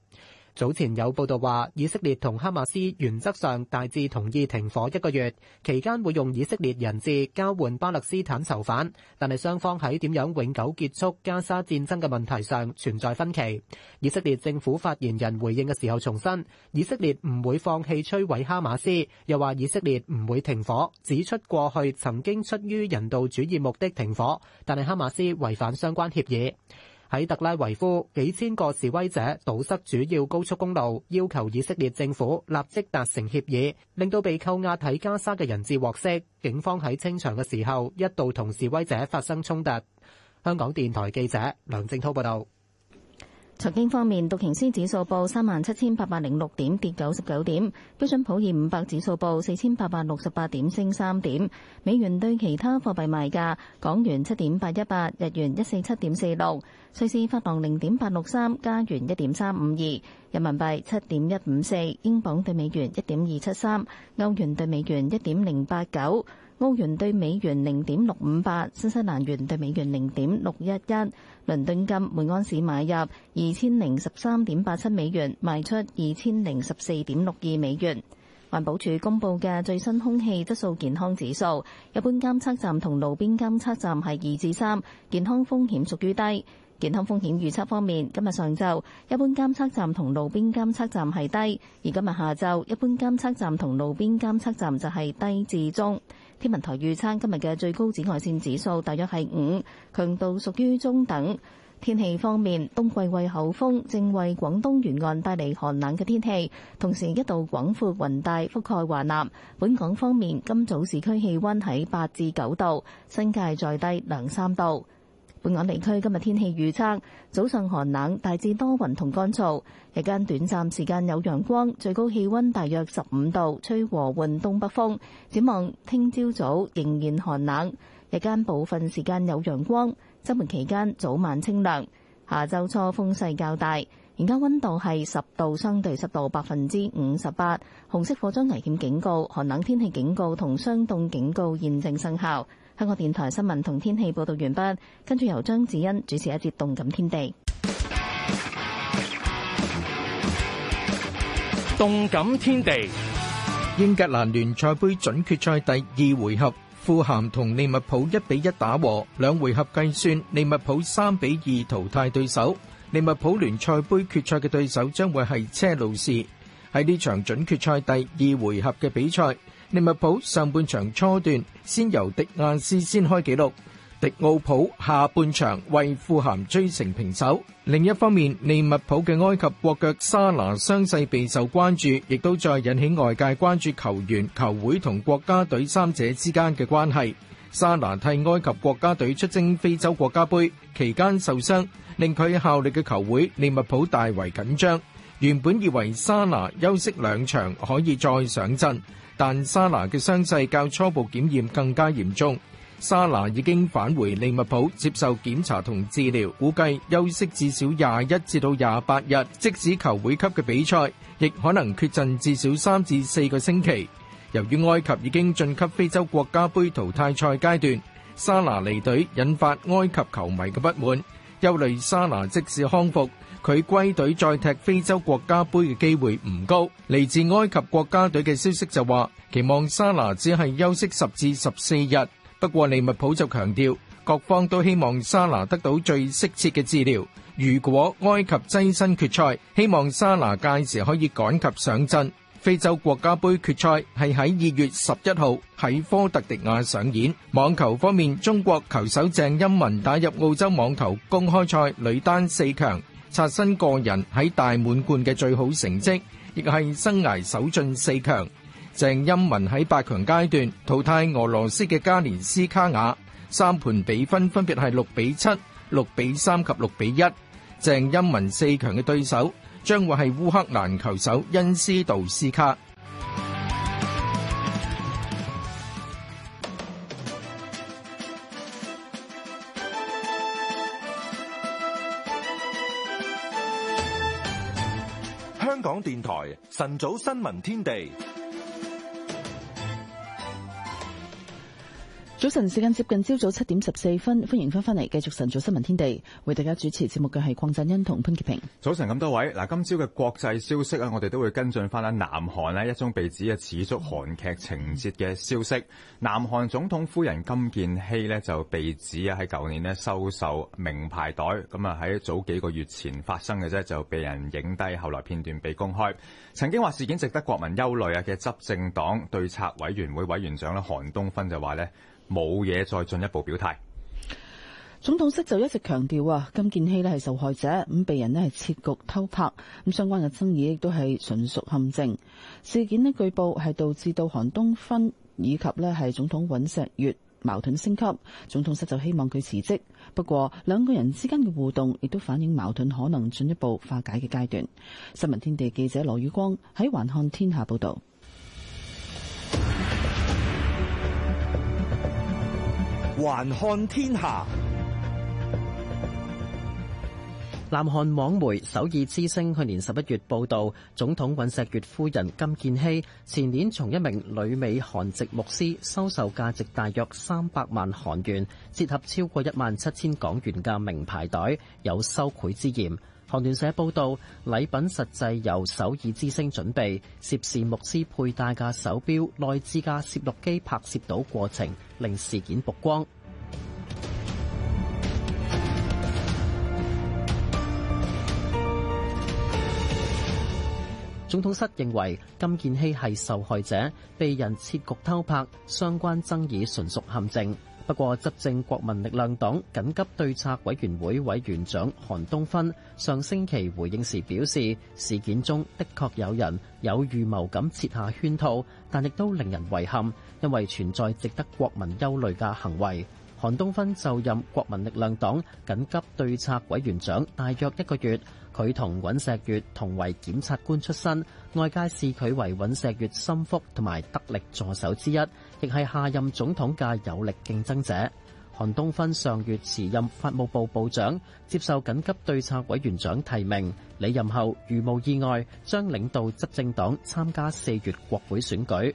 早前有報道話，以色列同哈馬斯原則上大致同意停火一個月，期間會用以色列人質交換巴勒斯坦囚犯。但係雙方喺點樣永久結束加沙戰爭嘅問題上存在分歧。以色列政府發言人回應嘅時候重申，以色列唔會放棄摧毀哈馬斯，又話以色列唔會停火，指出過去曾經出於人道主義目的停火，但係哈馬斯違反相關協議。喺特拉維夫，幾千個示威者堵塞主要高速公路，要求以色列政府立即達成協議，令到被扣押喺加沙嘅人質獲釋。警方喺清場嘅時候一度同示威者發生衝突。香港電台記者梁正濤報道。財經方面，道瓊斯指數報三萬七千八百零六點，跌九十九點；標準普爾五百指數報四千八百六十八點，升三點。美元對其他貨幣賣價，港元七點八一八，日元一四七點四六，瑞士法郎零點八六三，加元一點三五二，人民幣七點一五四，英鎊對美元一點二七三，歐元對美元一點零八九，澳元對美元零點六五八，新西蘭元對美元零點六一一。倫敦金每安士買入二千零十三點八七美元，賣出二千零十四點六二美元。環保署公布嘅最新空氣質素健康指數，一般監測站同路邊監測站係二至三，健康風險屬於低。健康風險預測方面，今日上晝一般監測站同路邊監測站係低，而今日下晝一般監測站同路邊監測站就係低至中。天文台預測今日嘅最高紫外線指數大約係五，強度屬於中等。天氣方面，冬季季候風正為廣東沿岸帶嚟寒冷嘅天氣，同時一道廣闊雲帶覆蓋華南。本港方面，今早市區氣温喺八至九度，新界再低兩三度。本港地區今日天氣預測：早上寒冷，大致多雲同乾燥，日間短暫時間有陽光，最高氣温大約十五度，吹和緩東北風。展望聽朝早早仍然寒冷，日間部分時間有陽光，周末期間早晚清涼。下周初風勢較大，而家温度係十度，相對濕度百分之五十八。紅色火災危險警告、寒冷天氣警告同霜凍警告現正生效。香港電台新聞同天氣報道完畢，跟住由張子欣主持一節《動感天地》。《動感天地》，英格蘭聯賽盃準決賽第二回合，富咸同利物浦一比一打和，兩回合計算利物浦三比二淘汰對手。利物浦聯賽盃決賽嘅對手將會係車路士。喺呢場準決賽第二回合嘅比賽。利物浦上半場初段先由迪亞斯先開紀錄，迪奧普下半場為富咸追成平手。另一方面，利物浦嘅埃及國腳沙拿傷勢備受關注，亦都再引起外界關注球員、球會同國家隊三者之間嘅關係。沙拿替埃及國家隊出征非洲國家杯期間受傷，令佢效力嘅球會利物浦大為緊張。原本以為沙拿休息兩場可以再上陣，但沙拿嘅傷勢較初步檢驗更加嚴重。沙拿已經返回利物浦接受檢查同治療，估計休息至少3至4佢歸隊再踢非洲國家杯嘅機會唔高。嚟自埃及國家隊嘅消息就話，期望沙拿只係休息十至十四日。不過，利物浦就強調，各方都希望沙拿得到最適切嘅治療。如果埃及躋身決賽，希望沙拿屆時可以趕及上陣。非洲國家杯決賽係喺二月十一號喺科特迪瓦上演。網球方面，中國球手鄭欽文打入澳洲網球公開賽女單四強。刷新個人喺大滿貫嘅最好成績,亦係生涯首進四強。鄭欣文喺八強階段,淘汰俄羅斯嘅加連斯卡雅,三盤比分分別係六比七,六比三及六比一。鄭欣文四強嘅對手,將會係烏克蘭球手恩斯道斯卡。香港電台晨早新聞天地。早晨，時間接近朝早七點十四分，歡迎翻返嚟繼續晨早新聞天地。為大家主持節目嘅係鄺振恩同潘潔平。早晨咁多位嗱，今朝嘅國際消息啊，我哋都會跟進翻啦。南韓咧，一宗被指嘅似足韓劇情節嘅消息，南韓總統夫人金建希咧，就被指啊喺舊年咧收受名牌袋咁啊，喺早幾個月前發生嘅啫，就被人影低，後來片段被公開。曾經話事件值得國民憂慮啊嘅執政黨對策委員會委員長咧韓東勳就話呢。」冇嘢再進一步表態。總統室就一直強調啊，金建熙咧係受害者，咁被人咧係設局偷拍，咁相關嘅爭議亦都係純屬陷阱。事件咧據報係導致到韓東勳以及咧係總統尹錫悅矛盾升級。總統室就希望佢辭職。不過兩個人之間嘅互動亦都反映矛盾可能進一步化解嘅階段。新聞天地記者羅宇光喺環看天下報道。環看天下，南韓網媒《首爾之聲》去年十一月報道，總統尹錫悅夫人金建希前年從一名女美韓籍牧師收受價值大約三百萬韓元、折合超過一萬七千港元嘅名牌袋，有收賄之嫌。韓聯社報道，禮品實際由首爾之星準備，涉事牧師佩戴架手錶內置架攝錄機拍攝到過程，令事件曝光。 總統室認為金建熙係受害者，被人設局偷拍，相關爭議純屬陷阱。不過，執政國民力量黨緊急對策委員會委員長韓東芬上星期回應時表示，事件中的確有人有預謀咁設下圈套，但亦都令人遺憾，因為存在值得國民憂慮嘅行為。韓東勳就任國民力量黨緊急對策委員長大約一個月佢同尹錫悦同為檢察官出身外界視佢為尹錫悦心腹同埋得力助手之一亦係下任總統嘅有力競爭者韓東勳上月辭任法務部部長接受緊急對策委員長提名離任後如無意外將領導執政黨參加四月國會選舉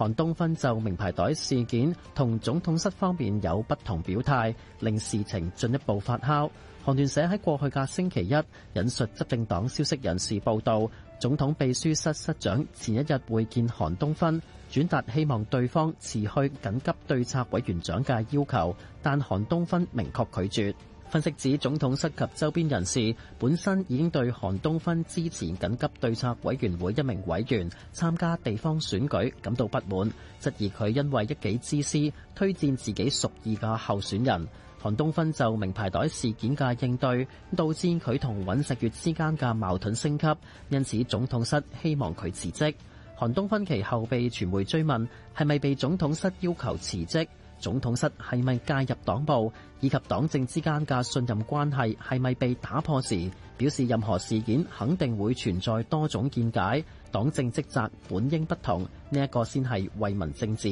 韓東勳就名牌袋事件同總統室方面有不同表態，令事情進一步發酵。韓聯社喺過去嘅星期一引述執政黨消息人士報道，總統秘書室室長前一日會見韓東勳，轉達希望對方辭去緊急對策委員長嘅要求，但韓東勳明確拒絕。分析指，總統室及周邊人士本身已經對韓東勳之前緊急對策委員會一名委員參加地方選舉感到不滿，質疑佢因為一己之私推薦自己屬意嘅候選人。韓東勳就名牌袋事件嘅應對導致佢同尹錫悅之間嘅矛盾升級，因此總統室希望佢辭職。韓東勳其後被傳媒追問係咪被總統室要求辭職，總統室係咪介入黨部？以及黨政之間嘅信任關係係咪被打破時，表示任何事件肯定會存在多種見解，黨政職責本應不同，呢、這、一個先係為民政治。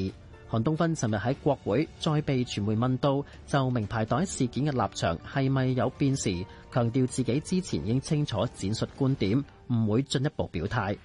韓東勳尋日喺國會再被傳媒問到就名牌袋事件嘅立場係咪有變時，強調自己之前已經清楚展述觀點，唔會進一步表態。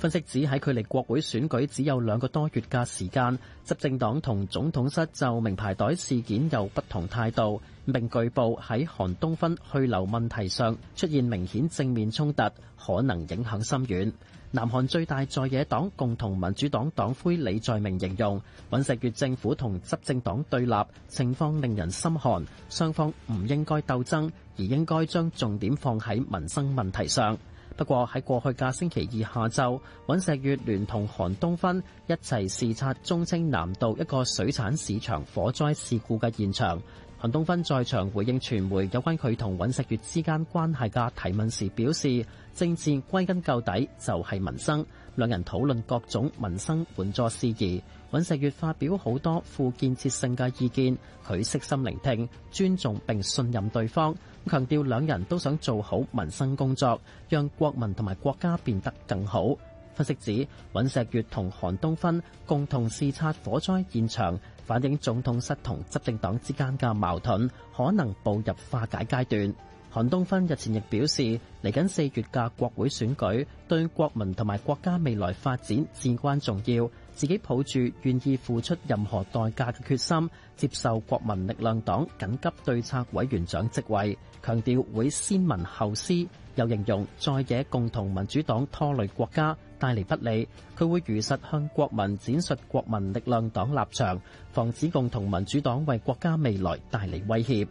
分析指喺距離國會選舉只有兩個多月嘅時間，執政黨同總統室就名牌袋事件有不同態度，並據報喺韓東勳去留問題上出現明顯正面衝突，可能影響深遠。南韓最大在野黨共同民主黨黨魁李在明形容尹錫悅政府同執政黨對立，情況令人心寒，雙方唔應該鬥爭，而應該將重點放喺民生問題上。不過喺過去嘅星期二下晝，尹錫悅聯同韓東勳一齊視察忠清南道一個水產市場火災事故嘅現場。韓東勳在場回應傳媒有關佢同尹錫悅之間關係嘅提問時表示：政治歸根究底就係民生，兩人討論各種民生援助事宜。尹錫悅發表好多富建設性嘅意見，佢悉心聆聽，尊重並信任對方。強調兩人都想做好民生工作，讓國民同埋國家變得更好。分析指，尹錫悅同韓東勳共同視察火災現場，反映總統室同執政黨之間嘅矛盾可能步入化解階段。韓東勳日前亦表示，嚟緊四月嘅國會選舉對國民同埋國家未來發展至關重要。自己抱住願意付出任何代價嘅決心，接受國民力量黨緊急對策委員長職位，強調會先民後私，又形容在野共同民主黨拖累國家帶嚟不利，佢會如實向國民展述國民力量黨立場，防止共同民主黨為國家未來帶嚟威脅。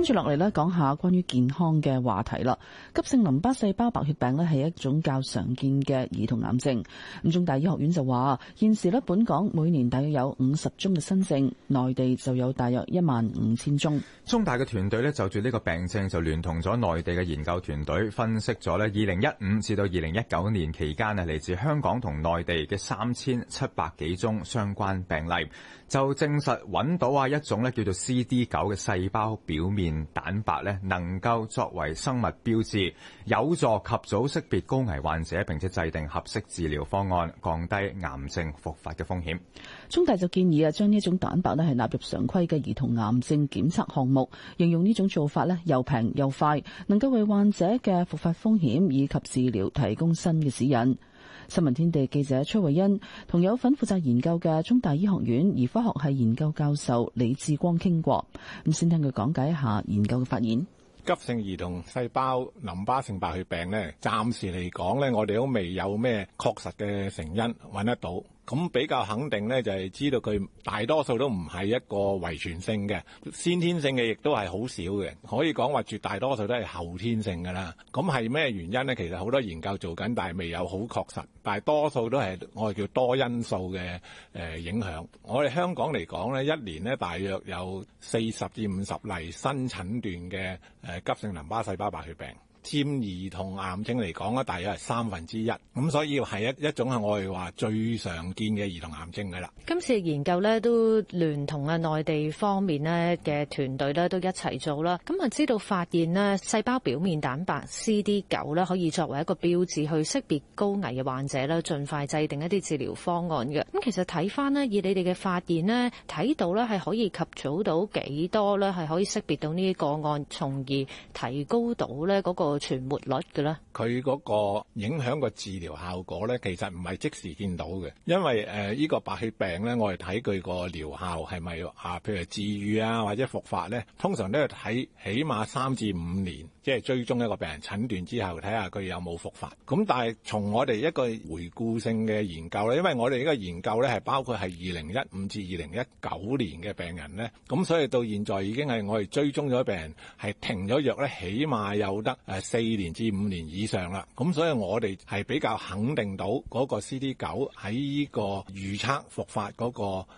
跟住落嚟咧，講下關於健康嘅話題啦。急性淋巴細胞白血病呢係一種較常見嘅兒童癌症。咁中大醫學院就話，現時咧，本港每年大約有五十宗嘅新症，內地就有大約一萬五千宗。中大嘅團隊咧，就住呢個病症就聯同咗內地嘅研究團隊，分析咗咧二零一五至到二零一九年期間啊，嚟自香港同內地嘅三千七百幾宗相關病例。就證實揾到啊一種咧叫做 CD9 嘅細胞表面蛋白咧，能夠作為生物標誌，有助及早識別高危患者，並且制定合適治療方案，降低癌症復發嘅風險。中大就建議啊，將呢一種蛋白咧係納入常規嘅兒童癌症檢測項目，應用呢種做法咧又平又快，能夠為患者嘅復發風險以及治療提供新嘅指引。新聞天地記者崔慧欣同有份負責研究嘅中大醫學院兒科學系研究教授李志光傾過，咁先聽佢講解一下研究嘅發現。急性兒童細胞淋巴性白血病咧，暫時嚟講咧，我哋都未有咩確實嘅成因揾得到。咁比較肯定呢，就係知道佢大多數都唔係一個遺傳性嘅，先天性嘅亦都係好少嘅，可以講話絕大多數都係後天性㗎啦。咁係咩原因呢？其實好多研究做緊，但係未有好確實，但係多數都係我哋叫多因素嘅誒影響。我哋香港嚟講呢，一年呢大約有四十至五十例新診斷嘅誒急性淋巴細胞白血病。佔兒童癌症嚟講咧，大約係三分之一，咁所以係一一種係我哋話最常見嘅兒童癌症噶啦。今次研究咧都聯同啊內地方面咧嘅團隊咧都一齊做啦，咁啊知道發現咧細胞表面蛋白 C D 九咧，可以作為一個標誌去識別高危嘅患者啦，盡快制定一啲治療方案嘅。咁其實睇翻咧，以你哋嘅發現呢，睇到咧係可以及早到幾多咧，係可以識別到呢個案，從而提高到咧、那、嗰個。存活率嘅啦，佢嗰個影響個治療效果咧，其實唔係即時見到嘅，因為誒呢個白血病咧，我哋睇佢個療效係咪啊，譬如治愈啊或者復發咧，通常都係睇起碼三至五年。即係追蹤一個病人診斷之後睇下，佢有冇復發。咁但係從我哋一個回顧性嘅研究咧，因為我哋呢個研究咧係包括係二零一五至二零一九年嘅病人咧，咁所以到現在已經係我哋追蹤咗病人係停咗藥咧，起碼有得誒四年至五年以上啦。咁所以我哋係比較肯定到個 C D 九喺呢個預測復發個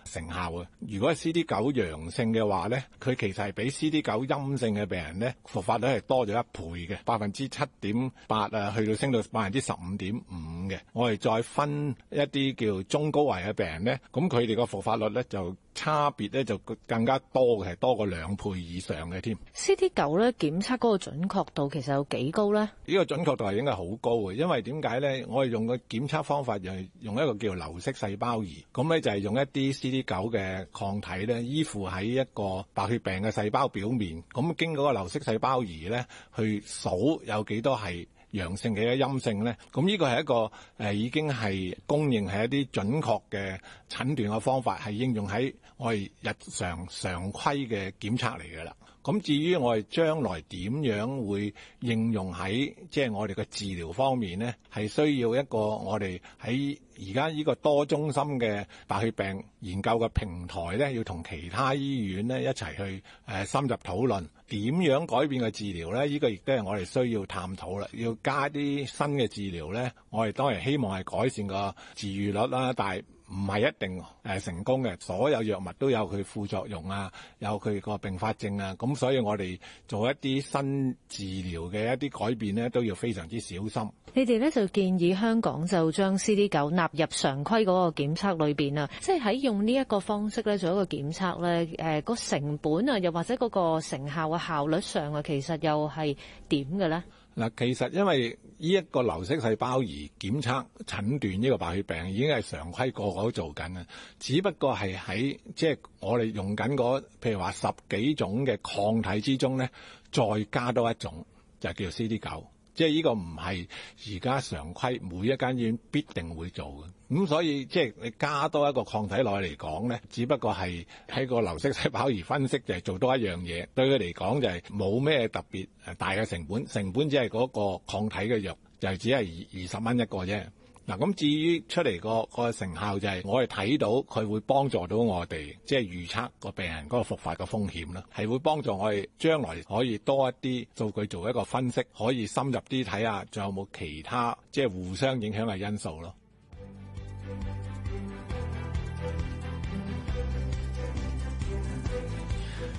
成效啊。如果 C D 九陽性嘅話咧，佢其實係比 C D 九陰性嘅病人咧復發率係多咗一倍嘅百分之七點八啊，去到升到百分之十五點五嘅，我哋再分一啲叫中高危嘅病人咧，咁佢哋嘅複發率咧就。差別咧就更加多嘅，係多過兩倍以上嘅添。CD 九咧檢測嗰個準確度其實有幾高咧？呢個準確度係應該好高嘅，因為點解咧？我哋用個檢測方法又係用一個叫做流式細胞儀，咁咧就係用一啲 CD 九嘅抗體咧依附喺一個白血病嘅細胞表面，咁經過嗰個流式細胞儀咧去數有幾多係陽性嘅，一陰性咧？咁呢個係一個誒、呃、已經係公認係一啲準確嘅診斷嘅方法，係應用喺。我係日常常規嘅檢測嚟㗎啦。咁至於我哋將來點樣會應用喺即係我哋嘅治療方面咧，係需要一個我哋喺而家呢個多中心嘅白血病研究嘅平台咧，要同其他醫院咧一齊去誒深入討論點樣改變個治療咧。呢個亦都係我哋需要探討啦。要加啲新嘅治療咧，我哋當然希望係改善個治愈率啦，但係。唔係一定誒成功嘅，所有藥物都有佢副作用啊，有佢個併發症啊，咁所以我哋做一啲新治療嘅一啲改變咧，都要非常之小心。你哋咧就建議香港就將 CD 九納入常規嗰個檢測裏邊啊，即係喺用呢一個方式咧做一個檢測咧，誒、個成本啊，又或者嗰個成效嘅效率上啊，其實又係點嘅咧？嗱，其實因為呢一個流式細胞儀檢測診斷呢個白血病已經係常規，個個都做緊啦，只不過係喺即係我哋用緊嗰、那個、譬如話十幾種嘅抗體之中咧，再加多一種就係叫做 CD 九，即係呢個唔係而家常規每一間醫院必定會做嘅。咁、嗯、所以即係你加多一個抗體落嚟講咧，只不過係喺個流式細胞儀分析就係做多一樣嘢，對佢嚟講就係冇咩特別誒大嘅成本，成本只係嗰個抗體嘅藥，就係只係二二十蚊一個啫。嗱、啊、咁至於出嚟個、嗰個成效就係我哋睇到佢會幫助到我哋，即係預測個病人嗰個復發嘅風險啦，係會幫助我哋將來可以多一啲數據做一個分析，可以深入啲睇下仲有冇其他即係互相影響嘅因素咯。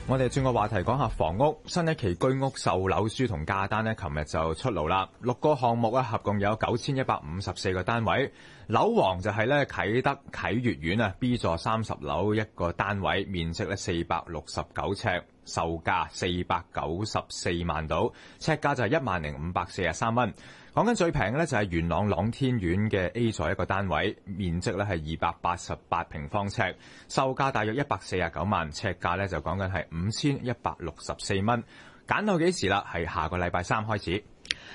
我哋轉個話題，講下房屋。新一期居屋售樓書同價單呢，琴日就出爐啦。六個項目啊，合共有九千一百五十四個單位。樓王就係呢啟德啟悅苑啊，B 座三十樓一個單位，面積呢四百六十九尺，售價四百九十四萬到，尺價就係一萬零五百四十三蚊。講緊最平嘅咧就係元朗朗天苑嘅 A 座一個單位，面積呢係二百八十八平方尺，售價大約一百四十九萬，尺價呢，就講緊係五千一百六十四蚊，減到幾時啦？係下個禮拜三開始。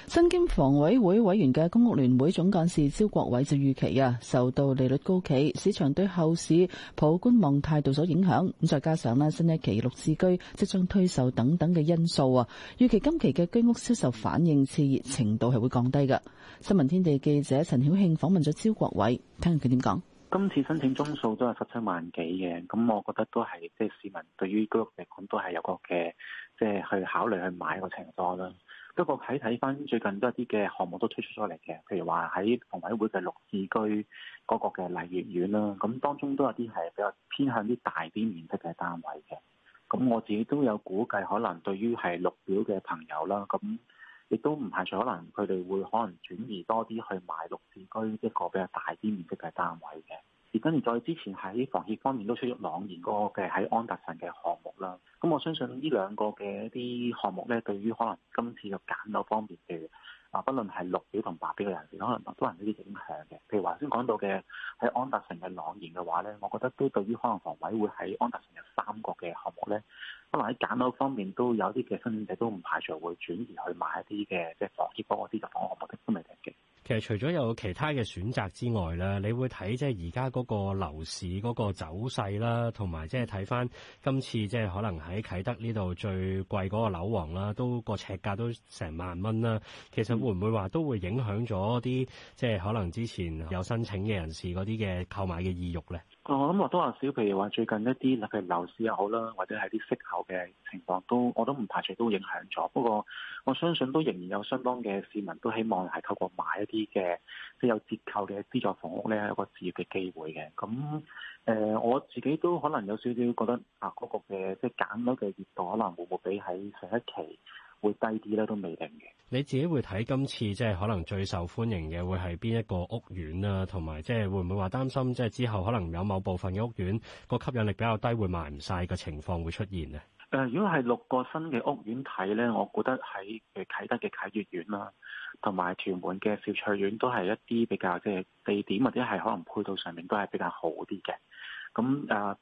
身兼房委會委員嘅公屋聯會總幹事招國偉就預期啊，受到利率高企、市場對後市抱觀望態度所影響，咁再加上咧新一期綠置居即將推售等等嘅因素啊，預期今期嘅居屋銷售反應熾熱程度係會降低嘅。新聞天地記者陳曉慶訪問咗招國偉，聽佢點講。今次申請宗數都係十七萬幾嘅，咁我覺得都係即係市民對於居屋嚟講都係有個嘅即係去考慮去買個情況啦。不過喺睇翻最近都一啲嘅項目都推出咗嚟嘅，譬如話喺房委會嘅綠置居嗰個嘅麗月苑啦，咁當中都有啲係比較偏向啲大啲面積嘅單位嘅。咁我自己都有估計，可能對於係綠表嘅朋友啦，咁亦都唔排除可能佢哋會可能轉移多啲去買綠置居一個比較大啲面積嘅單位嘅。而跟住再之前喺房協方面都出咗朗然嗰個嘅喺安達臣嘅項目啦，咁我相信兩呢兩個嘅一啲項目咧，對於可能今次嘅揀樓方面嘅，啊，不論係綠表同白表嘅人士，可能都係呢啲影響嘅。譬如說先說話先講到嘅喺安達臣嘅朗然嘅話咧，我覺得都對於可能房委會喺安達臣嘅三個嘅項目咧，可能喺揀樓方面都有啲嘅申請者都唔排除會轉而去買一啲嘅即係房協嗰啲嘅房屋項目都未定嘅。其實除咗有其他嘅選擇之外咧，你會睇即係而家嗰個樓市嗰個走勢啦，同埋即係睇翻今次即係可能喺啟德呢度最貴嗰個樓王啦，都個尺價都成萬蚊啦。其實會唔會話都會影響咗啲即係可能之前有申請嘅人士嗰啲嘅購買嘅意欲咧？我諗我都話少，譬如話最近一啲，例如樓市又好啦，或者係啲息口嘅情況都，我都唔排除都影響咗。不過我相信都仍然有相當嘅市民都希望係透過買一啲嘅即係有折扣嘅資助房屋咧，有一個置業嘅機會嘅。咁誒、呃，我自己都可能有少少覺得啊，嗰、嗰個嘅即係揀樓嘅熱度可能會冇比喺上一期。會低啲咧，都未定嘅。你自己會睇今次即係可能最受歡迎嘅會係邊一個屋苑啊？同埋即係會唔會話擔心即係之後可能有某部分嘅屋苑個吸引力比較低，會賣唔晒嘅情況會出現呢？誒、呃，如果係六個新嘅屋苑睇呢，我覺得喺誒啟德嘅啟悅苑啦、啊，同埋屯門嘅兆翠苑都係一啲比較即係地點或者係可能配套上面都係比較好啲嘅。咁誒、呃，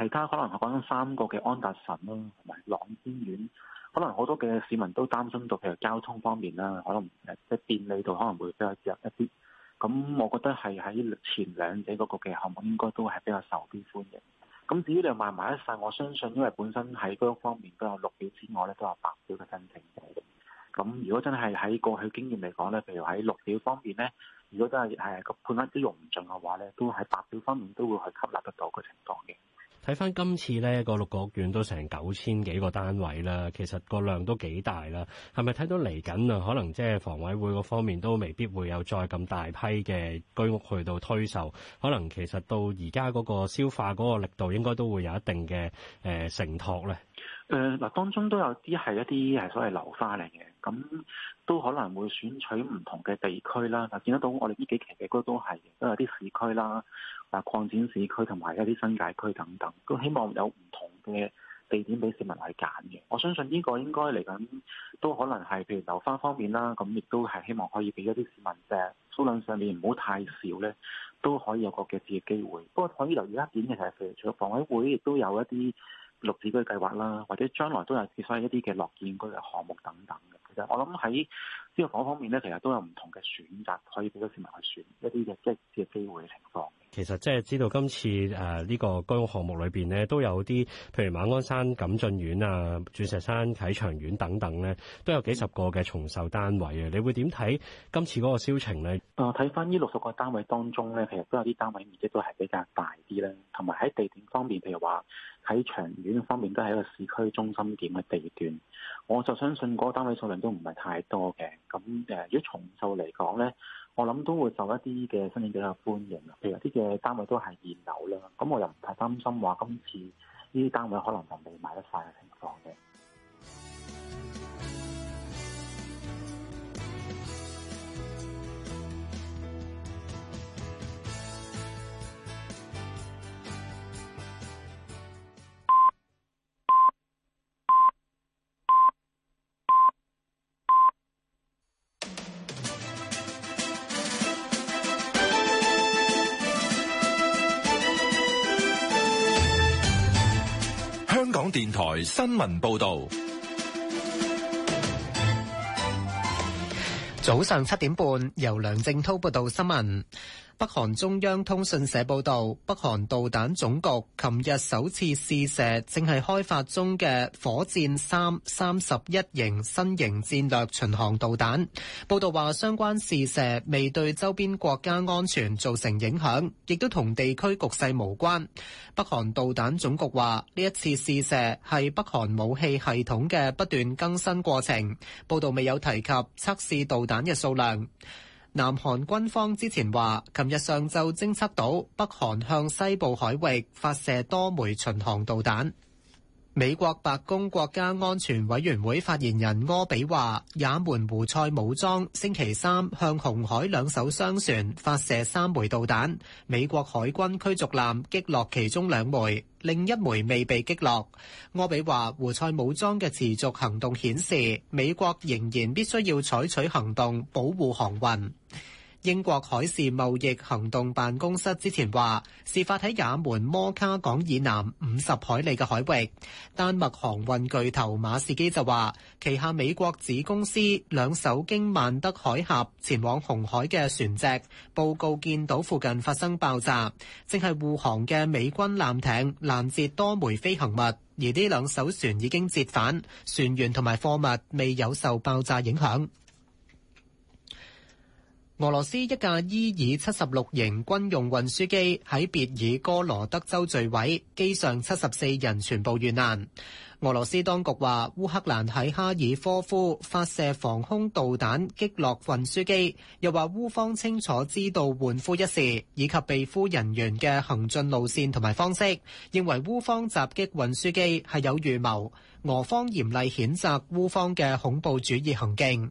其他可能我講三個嘅安達臣啦，同埋朗天苑。可能好多嘅市民都擔心到，譬如交通方面啦，可能即係便利度可能會比較弱一啲。咁我覺得係喺前兩者嗰個嘅項目應該都係比較受啲歡迎。咁至於你買埋一世，我相信因為本身喺嗰方面都有綠表之外咧都有白表嘅申請者。咁如果真係喺過去經驗嚟講咧，譬如喺綠表方面咧，如果真係係個判斷都用唔盡嘅話咧，都喺白表方面都會去吸納得到個情況嘅。睇翻今次呢個六個屋苑都成九千幾個單位啦，其實個量都幾大啦。係咪睇到嚟緊啊？可能即係房委會個方面都未必會有再咁大批嘅居屋去到推售。可能其實到而家嗰個消化嗰個力度，應該都會有一定嘅誒承托咧。誒嗱、呃，當中都有啲係一啲係所謂樓花嚟嘅。咁、嗯、都可能會選取唔同嘅地區啦，就、啊、見得到我哋呢幾期嘅都都係，都有啲市區啦，啊擴展市區同埋一啲新界區等等，都希望有唔同嘅地點俾市民去揀嘅。我相信呢個應該嚟緊都可能係譬如樓花方面啦，咁亦都係希望可以俾一啲市民嘅數量上面唔好太少咧，都可以有個置業機會。不過可以留意一點嘅係，譬如除咗房委會亦都有一啲。綠置居計劃啦，或者將來都有設施一啲嘅樂建居嘅項目等等嘅。其實我諗喺呢個房方面咧，其實都有唔同嘅選擇，嗯、可以俾個市民去選一啲嘅即係嘅機會嘅情況。其實即係知道今次誒呢、呃這個居屋項目裏邊咧，都有啲譬如馬鞍山錦駿苑啊、鑽石山啟翔苑等等咧，都有幾十個嘅重售單位啊。你會點睇今次嗰個銷情咧？啊、呃，睇翻呢六十個單位當中咧，其實都有啲單位面積都係比較大啲啦，同埋喺地點方面，譬如話。喺長遠方面都係一個市區中心點嘅地段，我就相信嗰個單位數量都唔係太多嘅。咁誒，如果重售嚟講呢，我諗都會受一啲嘅新鮮比較歡迎，譬如一啲嘅單位都係現樓啦，咁我又唔太擔心話今次呢啲單位可能就未買得快嘅情況嘅。台新聞報道，早上七點半，由梁振滔報道新聞。北韓中央通訊社報導，北韓導彈總局琴日首次試射正係開發中嘅火箭三三十一型新型戰略巡航導彈。報導話，相關試射未對周邊國家安全造成影響，亦都同地區局勢無關。北韓導彈總局話，呢一次試射係北韓武器系統嘅不斷更新過程。報導未有提及測試導彈嘅數量。南韓軍方之前話，琴日上晝偵測到北韓向西部海域發射多枚巡航導彈。美國白宮國家安全委員會發言人柯比話：也門胡塞武裝星期三向紅海兩艘商船發射三枚導彈，美國海軍驅逐艦擊落其中兩枚，另一枚未被擊落。柯比話：胡塞武裝嘅持續行動顯示，美國仍然必須要採取行動保護航運。英國海事貿易行動辦公室之前話，事發喺也門摩卡港以南五十海里嘅海域，丹麥航運巨頭馬士基就話，旗下美國子公司兩艘經曼德海峽前往紅海嘅船隻，報告見到附近發生爆炸，正係護航嘅美軍艦艇攔截多枚飛行物，而呢兩艘船已經折返，船員同埋貨物未有受爆炸影響。俄羅斯一架伊爾七十六型軍用運輸機喺別爾哥羅德州墜毀，機上七十四人全部遇難。俄羅斯當局話，烏克蘭喺哈爾科夫發射防空導彈擊落運輸機，又話烏方清楚知道換俘一事以及被俘人員嘅行進路線同埋方式，認為烏方襲擊運輸機係有預謀。俄方嚴厲譴責烏方嘅恐怖主義行徑。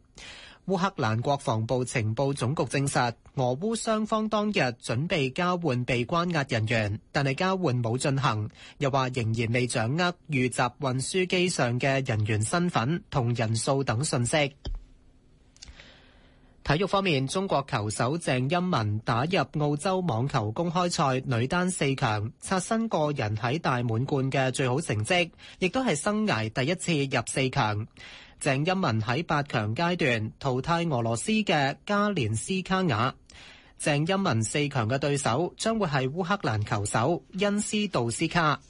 烏克蘭國防部情報總局證實，俄烏雙方當日準備交換被關押人員，但係交換冇進行，又話仍然未掌握遇襲運，運輸機上嘅人員身份同人數等信息。體育方面，中國球手鄭欽文打入澳洲網球公開賽女單四強，刷新個人喺大滿貫嘅最好成績，亦都係生涯第一次入四強。鄭欽文喺八強階段淘汰俄羅斯嘅加連斯卡雅，鄭欽文四強嘅對手將會係烏克蘭球手因斯杜斯卡。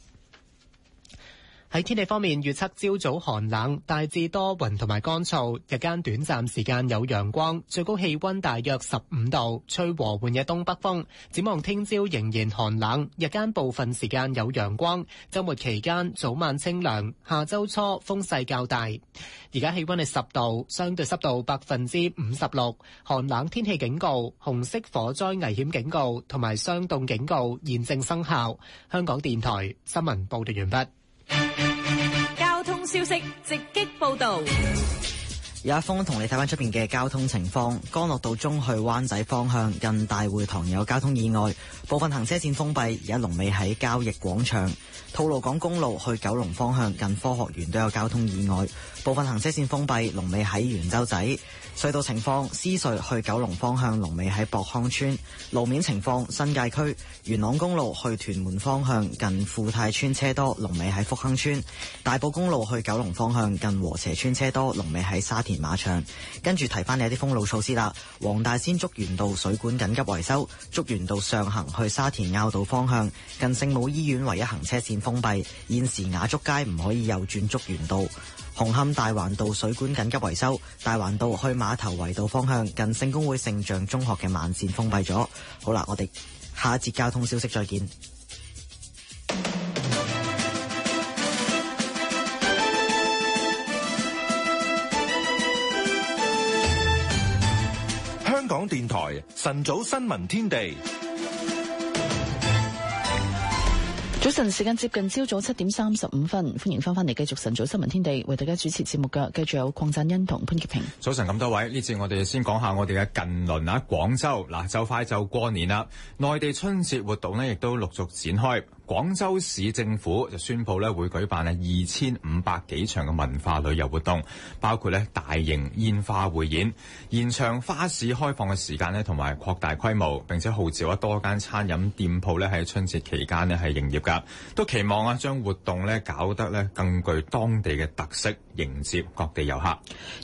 喺天氣方面，預測朝早寒冷，大致多雲同埋乾燥，日間短暫時間有陽光，最高氣溫大約十五度，吹和緩嘅東北風。展望聽朝仍然寒冷，日間部分時間有陽光。周末期間早晚清涼，下周初風勢較大。而家氣溫係十度，相對濕度百分之五十六。寒冷天氣警告、紅色火災危險警告同埋霜凍警告現正生效。香港電台新聞報道完畢。交通消息直擊報道，有阿峰同你睇返出面嘅交通情況。干諾道中去灣仔方向近大會堂有交通意外，部分行車線封閉，而家龍尾喺交易廣場。吐露港公路去九龍方向近科學園都有交通意外，部分行車線封閉，龍尾喺圓洲仔。隧道情況，獅隧去九龍方向，龍尾喺博康村；路面情況，新界區元朗公路去屯門方向，近富泰村車多，龍尾喺福亨村；大埔公路去九龍方向，近禾輋邨車多，龍尾喺沙田馬場。跟住提翻你一啲封路措施啦，黃大仙竹園道水管緊急維修，竹園道上行去沙田坳道方向，近聖母醫院唯一行車線封閉，現時雅竹街唔可以右轉竹園道。紅磡大環道水管緊急維修，大環道去碼頭圍道方向，近聖公會聖匠中學嘅慢線封閉咗。好啦，我哋下一節交通消息再見。香港電台晨早新聞天地。早晨，時間接近朝早七點三十五分，歡迎翻返嚟繼續晨早新聞天地，為大家主持節目嘅繼續有鄺振欣同潘潔平。早晨咁多位，呢次我哋先講下我哋嘅近鄰啊，廣州嗱，就快就過年啦，內地春節活動呢，亦都陸續展開。廣州市政府就宣布咧會舉辦咧二千五百幾場嘅文化旅遊活動，包括咧大型煙花匯演、延長花市開放嘅時間咧，同埋擴大規模，並且號召多間餐飲店鋪咧喺春節期間咧係營業嘅，都期望啊將活動咧搞得咧更具當地嘅特色，迎接各地遊客。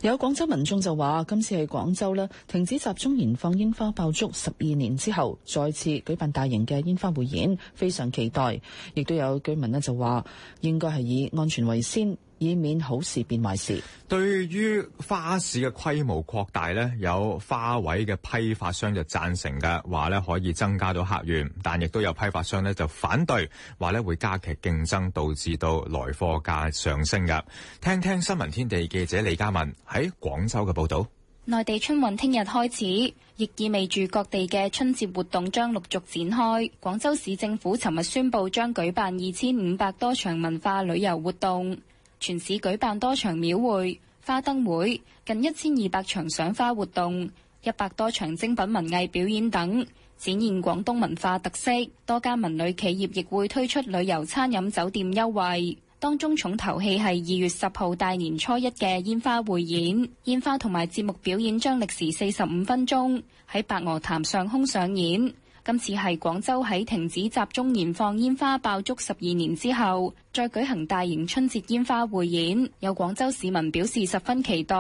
有廣州民眾就話今次係廣州咧停止集中燃放煙花爆竹十二年之後再次舉辦大型嘅煙花匯演，非常期待。亦都有居民呢就話，應該係以安全為先，以免好事變壞事。對於花市嘅規模擴大呢，有花位嘅批發商就贊成㗎，話呢可以增加到客源，但亦都有批發商呢就反對，話呢會加劇競爭，導致到來貨價上升㗎。聽聽新聞天地記者李嘉文喺廣州嘅報道。內地春運聽日開始，亦意味住各地嘅春節活動將陸續展開。廣州市政府尋日宣布，將舉辦二千五百多場文化旅遊活動，全市舉辦多場廟會、花燈會，近一千二百場賞花活動，一百多場精品文藝表演等，展現廣東文化特色。多家文旅企業亦會推出旅遊、餐飲、酒店優惠。當中重頭戲係二月十號大年初一嘅煙花匯演，煙花同埋節目表演將歷時四十五分鐘，喺白鵝潭上空上演。今次係廣州喺停止集中燃放煙花爆竹十二年之後，再舉行大型春節煙花匯演，有廣州市民表示十分期待。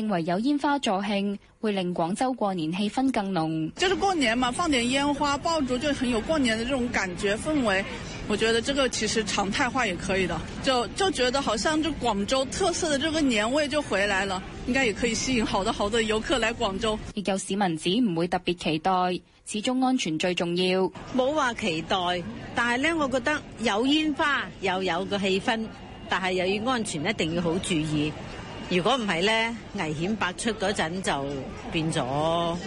認為有煙花助慶會令廣州過年氣氛更濃。就是過年嘛，放點煙花爆竹就很有過年的這種感覺氛圍。我覺得這個其實常態化也可以的，就就覺得好像就廣州特色的這個年味就回來了，應該也可以吸引好多好多遊客嚟廣州。亦有市民指唔會特別期待，始終安全最重要。冇話期待，但係呢，我覺得有煙花又有個氣氛，但係又要安全，一定要好注意。如果唔係呢，危險百出嗰陣就變咗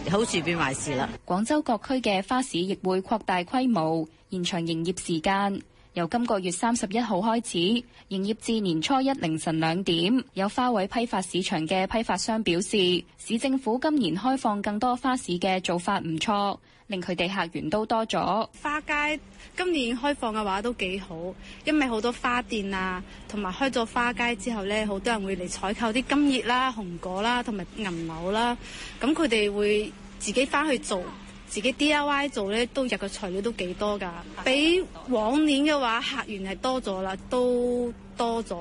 好事變壞事啦。廣州各區嘅花市亦會擴大規模，延長營業時間，由今個月三十一號開始營業至年初一凌晨兩點。有花卉批發市場嘅批發商表示，市政府今年開放更多花市嘅做法唔錯。令佢哋客源都多咗。花街今年開放嘅話都幾好，因為好多花店啊，同埋開咗花街之後咧，好多人會嚟採購啲金葉啦、紅果啦、同埋銀柳啦。咁佢哋會自己翻去做，自己 DIY 做咧，都入嘅材料都幾多噶。比往年嘅話，客源係多咗啦，都多咗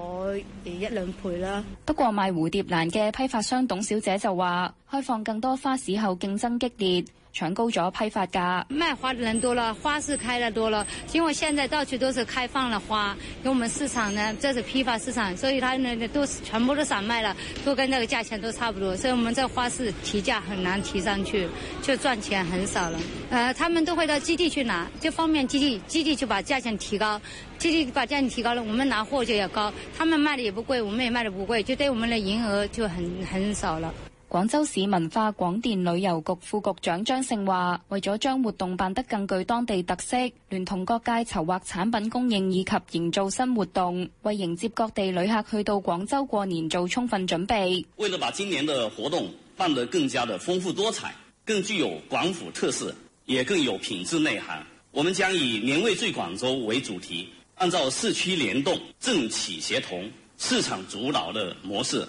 誒一兩倍啦。不過賣蝴蝶蘭嘅批發商董小姐就話，開放更多花市後，競爭激烈。全高咗批發價，賣花的人多了，花市開的多了，因為現在到處都是開放了花。因為我們市場呢，這是批發市場，所以他呢，都是全部都散賣了，都跟那個價錢都差不多，所以我們在花市提價很難提上去，就賺錢很少了。呃，他們都會到基地去拿，就方便基地，基地就把價錢提高，基地把價錢提高了，我們拿貨就要高，他們賣的也不貴，我們也賣的不貴，就對我們的營業額就很很少了。廣州市文化廣電旅遊局副局長張勝話：為咗將活動辦得更具當地特色，聯同各界籌劃產品供應以及營造新活動，為迎接各地旅客去到廣州過年做充分準備。為了把今年的活動辦得更加的豐富多彩，更具有廣府特色，也更有品質內涵，我們將以“年味最廣州”為主題，按照市區聯動、政企協同、市場主導的模式。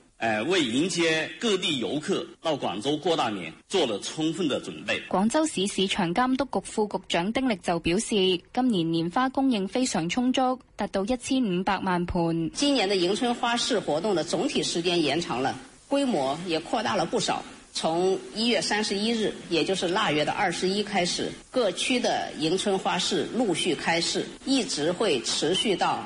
誒，為迎接各地遊客到廣州過大年，做了充分的準備。廣州市市場監督局副，副局長丁力就表示，今年年花供應非常充足，達到一千五百萬盆。今年的迎春花市活動的總體時間延長了，規模也擴大了不少。從一月三十一日，也就是臘月的二十一開始，各區的迎春花市陸續開市，一直會持續到。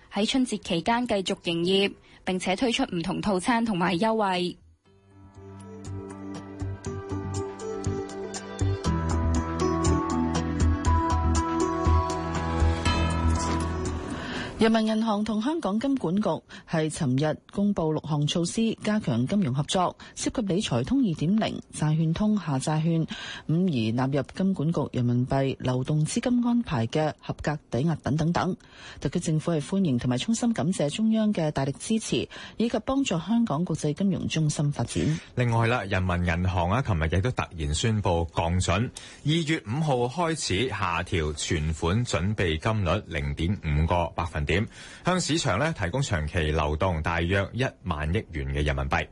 喺春節期間繼續營業，並且推出唔同套餐同埋優惠。人民銀行同香港金管局係尋日公布六項措施，加強金融合作，涉及理財通二點零債券通下債券，五而納入金管局人民幣流動資金安排嘅合格抵押品等等等。特區政府係歡迎同埋衷心感謝中央嘅大力支持，以及幫助香港國際金融中心發展。另外啦，人民銀行啊，琴日亦都突然宣布降準，二月五號開始下調存款準備金率零點五個百分點。點向市場呢提供長期流動大約一萬億元嘅人民幣。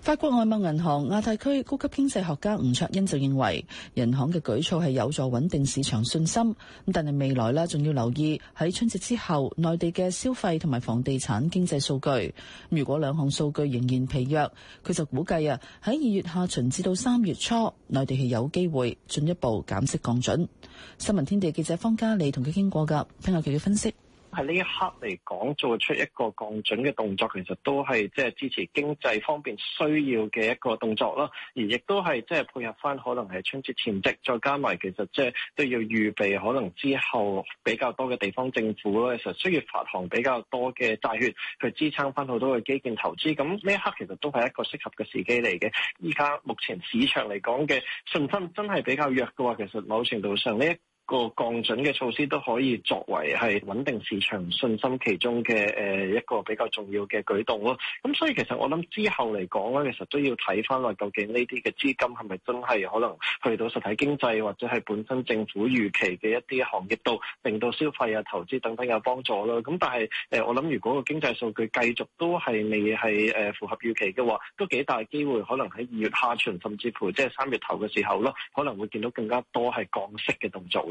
法國外貿銀行亞太區高級經濟學家吳卓恩就認為，銀行嘅舉措係有助穩定市場信心。咁但係未來呢，仲要留意喺春節之後內地嘅消費同埋房地產經濟數據。如果兩項數據仍然疲弱，佢就估計啊喺二月下旬至到三月初，內地係有機會進一步減息降準。新聞天地記者方嘉利同佢傾過噶，聽下佢嘅分析。喺呢一刻嚟講，做出一個降準嘅動作，其實都係即係支持經濟方面需要嘅一個動作啦。而亦都係即係配合翻可能係春節前夕，再加埋其實即係都要預備可能之後比較多嘅地方政府咧，其實需要發行比較多嘅債券去支撐翻好多嘅基建投資。咁呢一刻其實都係一個適合嘅時機嚟嘅。依家目前市場嚟講嘅信心真係比較弱嘅話，其實某程度上呢個降準嘅措施都可以作為係穩定市場信心其中嘅誒一個比較重要嘅舉動咯。咁所以其實我諗之後嚟講咧，其實都要睇翻落究竟呢啲嘅資金係咪真係可能去到實體經濟或者係本身政府預期嘅一啲行業度，令到消費啊、投資等等有幫助咯。咁但係誒，我諗如果個經濟數據繼續繼續都係未係誒符合預期嘅話，都幾大機會可能喺二月下旬甚至乎即係三月頭嘅時候咯，可能會見到更加多係降息嘅動作。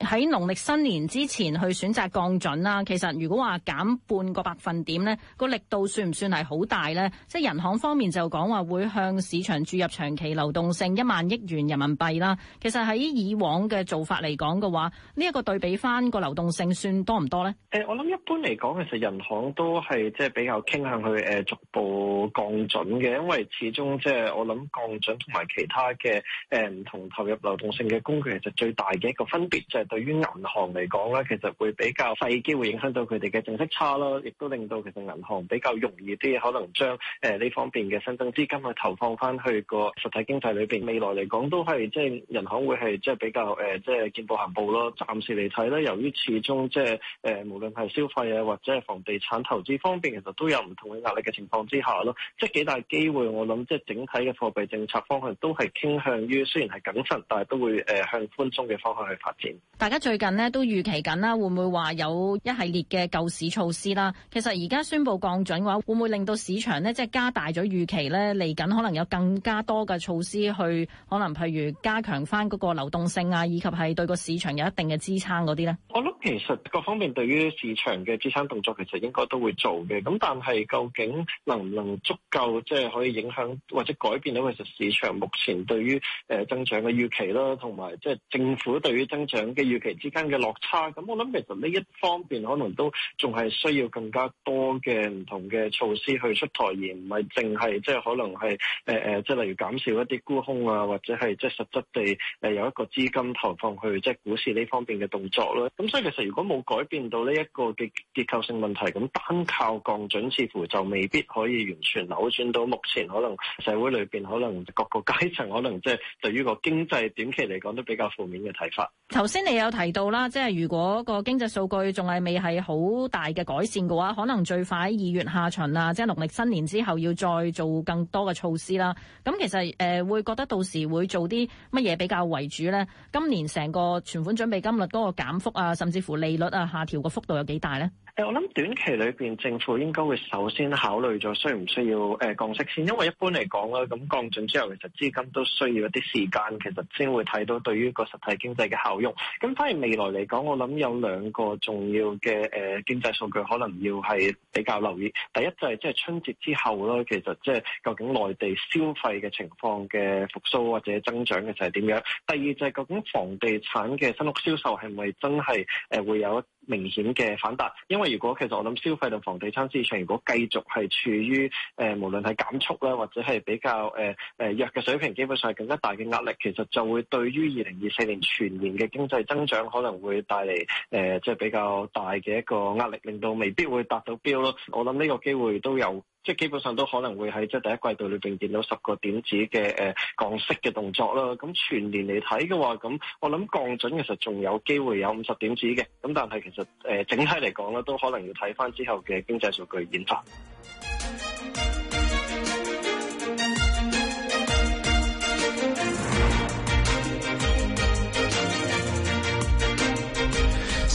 喺農曆新年之前去選擇降準啦，其實如果話減半個百分點呢個力度算唔算係好大呢？即係人行方面就講話會向市場注入長期流動性一萬億元人民幣啦。其實喺以往嘅做法嚟講嘅話，呢一個對比翻個流動性算多唔多呢？誒，我諗一般嚟講，其實人行都係即係比較傾向去誒逐步降準嘅，因為始終即係我諗降準同埋其他嘅誒唔同投入流動性嘅工具，其實最大嘅一個分別就係對於銀行嚟講咧，其實會比較細機會影響到佢哋嘅淨息差咯，亦都令到其實銀行比較容易啲，可能將誒呢、呃、方面嘅新增資金去投放翻去個實體經濟裏邊。未來嚟講都係即係銀行會係即係比較誒即係見步行步咯。暫時嚟睇咧，由於始終即係誒無論係消費啊或者係房地產投資方面，其實都有唔同嘅壓力嘅情況之下咯，即、就、係、是、幾大機會。我諗即係整體嘅貨幣政策方向都係傾向於雖然係謹慎，但係都會誒、呃、向寬鬆嘅方向去發展，大家最近呢都預期緊啦，會唔會話有一系列嘅救市措施啦？其實而家宣布降準嘅話，會唔會令到市場咧，即係加大咗預期咧，嚟緊可能有更加多嘅措施去，可能譬如加強翻嗰個流動性啊，以及係對個市場有一定嘅支撐嗰啲咧？我諗其實各方面對於市場嘅支撐動作其實應該都會做嘅，咁但係究竟能唔能足夠即係可以影響或者改變到，其實市場目前對於誒增長嘅預期啦，同埋即係政府對於。增長嘅預期之間嘅落差，咁我諗其實呢一方面可能都仲係需要更加多嘅唔同嘅措施去出台，而唔係淨係即係可能係誒誒即係例如減少一啲沽空啊，或者係即係實質地誒有一個資金投放去即係股市呢方面嘅動作咯，咁所以其實如果冇改變到呢一個嘅結構性問題，咁單靠降準似乎就未必可以完全扭轉到目前可能社會裏邊可能各個階層可能即係對於個經濟短期嚟講都比較負面嘅睇法。頭先你有提到啦，即係如果個經濟數據仲係未係好大嘅改善嘅話，可能最快喺二月下旬啊，即係農曆新年之後要再做更多嘅措施啦。咁其實誒會覺得到時會做啲乜嘢比較為主咧？今年成個存款準備金率嗰個減幅啊，甚至乎利率啊下調嘅幅度有幾大咧？誒，我諗短期裏邊政府應該會首先考慮咗需唔需要誒降息先，因為一般嚟講咧，咁降準之後其實資金都需要一啲時間，其實先會睇到對於個實體經濟嘅效。用，咁反而未來嚟講，我諗有兩個重要嘅誒經濟數據，可能要係比較留意。第一就係即係春節之後囉，其實即係究竟內地消費嘅情況嘅復甦或者增長嘅就係點樣？第二就係究竟房地產嘅新屋銷售係咪真係誒會有一明顯嘅反彈，因為如果其實我諗消費同房地產市場如果繼續係處於誒、呃、無論係減速啦，或者係比較誒誒、呃呃、弱嘅水平，基本上係更加大嘅壓力，其實就會對於二零二四年全年嘅經濟增長可能會帶嚟誒即係比較大嘅一個壓力，令到未必會達到標咯。我諗呢個機會都有。即係基本上都可能會喺即係第一季度裏邊見到十個點子嘅誒降息嘅動作啦。咁全年嚟睇嘅話，咁我諗降準其實仲有機會有五十點子嘅。咁但係其實誒整體嚟講咧，都可能要睇翻之後嘅經濟數據演發。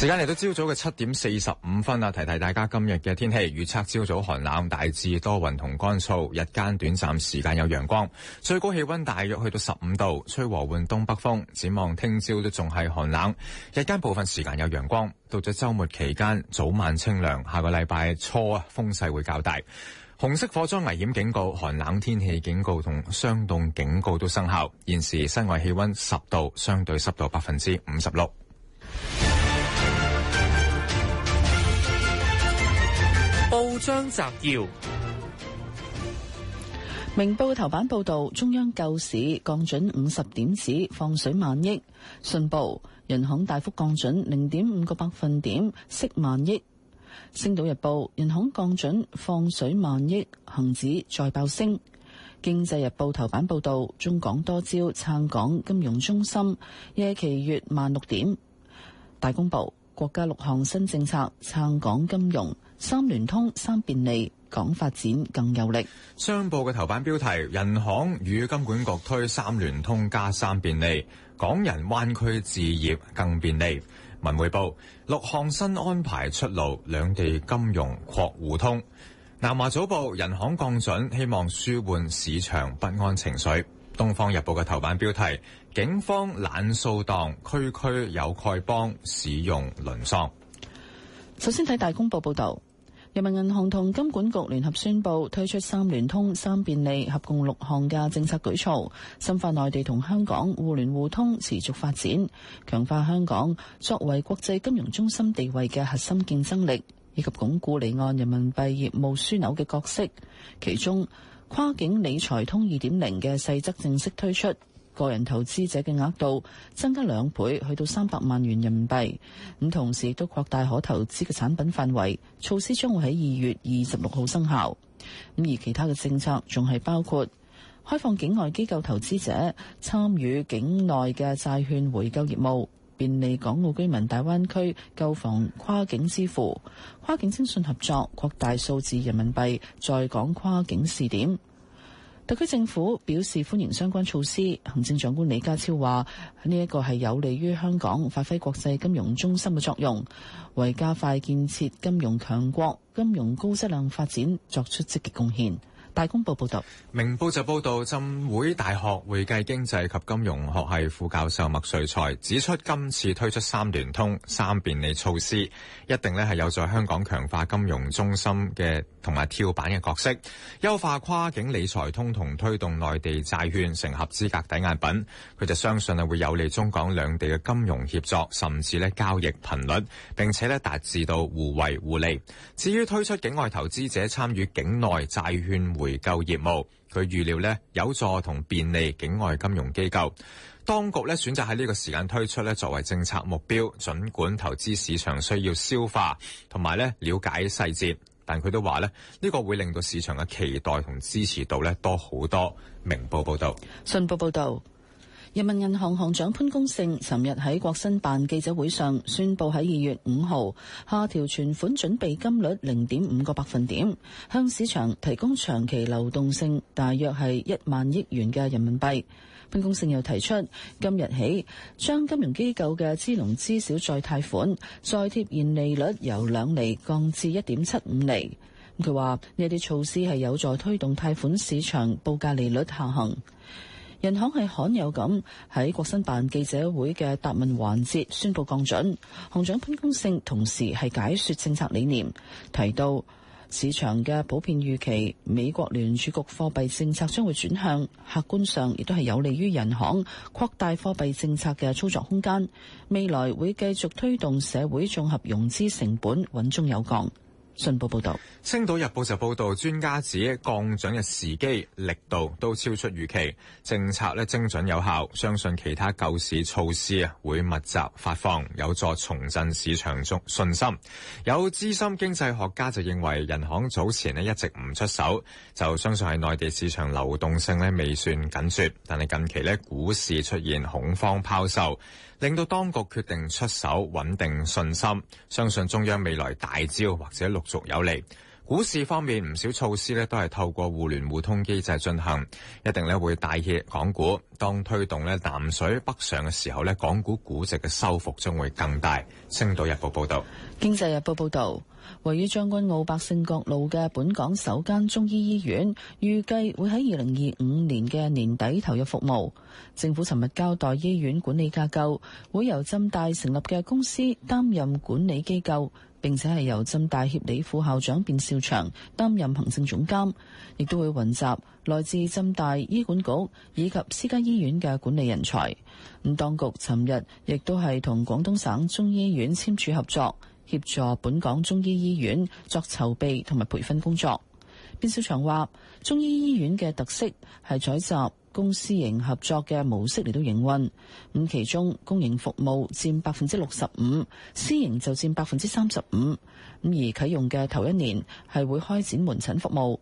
時間嚟到朝早嘅七點四十五分啦，提提大家今日嘅天氣預測：朝早寒冷，大致多雲同乾燥，日間短暫時間有陽光，最高氣溫大約去到十五度，吹和緩東北風。展望聽朝都仲係寒冷，日間部分時間有陽光。到咗周末期間，早晚清涼。下個禮拜初啊，風勢會較大。紅色火災危險警告、寒冷天氣警告同霜凍警告都生效。現時室外氣溫十度，相對濕度百分之五十六。報章摘要：明報頭版報道，中央救市降準五十點子，放水萬億；信報，人行大幅降準零點五個百分點，息萬億；星島日報，人行降準放水萬億，恒指再爆升。經濟日報頭版報道，中港多招撐港金融中心，夜期月萬六點。大公報，國家六項新政策撐港金融。三聯通三便利，港發展更有力。商報嘅頭版標題：人行與金管局推三聯通加三便利，港人灣區置業更便利。文匯報，六項新安排出爐，兩地金融擴互通。南華早報：人行降準，希望舒緩市場不安情緒。東方日報嘅頭版標題：警方懶掃蕩，區區有丐幫，市容淪喪。首先睇大公報報道。人民銀行同金管局聯合宣佈推出三聯通、三便利，合共六項嘅政策舉措，深化內地同香港互聯互通持續發展，強化香港作為國際金融中心地位嘅核心競爭力，以及鞏固離岸人民幣業務樞紐嘅角色。其中，跨境理財通二點零嘅細則正式推出。個人投資者嘅額度增加兩倍，去到三百萬元人民幣。咁同時亦都擴大可投資嘅產品範圍。措施將會喺二月二十六號生效。咁而其他嘅政策仲係包括開放境外機構投資者參與境內嘅債券回購業務，便利港澳居民大灣區購房跨境支付，跨境徵信合作，擴大數字人民幣在港跨境試點。特區政府表示歡迎相關措施，行政長官李家超話：呢一個係有利於香港發揮國際金融中心嘅作用，為加快建設金融強國、金融高質量發展作出積極貢獻。大公報報道，明報就報道浸會大學會計經濟及金融學系副教授麥瑞才指出，今次推出三聯通、三便利措施，一定咧係有助香港強化金融中心嘅同埋跳板嘅角色，優化跨境理財通同推動內地債券成合資格抵押品，佢就相信啊會有利中港兩地嘅金融協作，甚至咧交易頻率，並且咧達至到互惠互利。至於推出境外投資者參與境內債券，回購業務，佢預料咧有助同便利境外金融機構。當局咧選擇喺呢個時間推出咧作為政策目標，盡管投資市場需要消化同埋咧了解細節，但佢都話咧呢呢個會令到市場嘅期待同支持度咧多好多。明報報道，信報報道。人民銀行行長潘功勝尋日喺國新辦記者會上宣布，喺二月五號下調存款準備金率零點五個百分點，向市場提供長期流動性大約係一萬億元嘅人民幣。潘功勝又提出，今日起將金融機構嘅支農支小再貸款再貼現利率由兩厘降至一點七五厘。佢話呢啲措施係有助推動貸款市場報價利率下行。人行係罕有咁喺國新辦記者會嘅答問環節宣布降準，行長潘功勝同時係解說政策理念，提到市場嘅普遍預期美國聯儲局貨幣政策將會轉向，客觀上亦都係有利於人行擴大貨幣政策嘅操作空間，未來會繼續推動社會綜合融資成本穩中有降。信報報導，《青島日報》就報道，專家指降準嘅時機、力度都超出預期，政策咧精準有效，相信其他救市措施啊會密集發放，有助重振市場中信心。有資深經濟學家就認為，人行早前咧一直唔出手，就相信係內地市場流動性咧未算緊缺，但係近期咧股市出現恐慌拋售。令到當局決定出手穩定信心，相信中央未來大招或者陸續有嚟。股市方面唔少措施咧都係透過互聯互通機制進行，一定咧會帶起港股。當推動咧南水北上嘅時候咧，港股估值嘅收復將會更大。星島日報報道。經濟日報報導。位於將軍澳百勝角路嘅本港首間中醫醫院，預計會喺二零二五年嘅年底投入服務。政府尋日交代醫院管理架構，會由浸大成立嘅公司擔任管理機構，並且係由浸大協理副校長卞兆祥擔任行政總監，亦都會雲集來自浸大醫管局以及私家醫院嘅管理人才。咁當局尋日亦都係同廣東省中醫院簽署合作。協助本港中醫醫院作籌備同埋培訓工作。邊小祥話：中醫醫院嘅特色係採集公私營合作嘅模式嚟到營運，咁其中公營服務佔百分之六十五，私營就佔百分之三十五。咁而啟用嘅頭一年係會開展門診服務，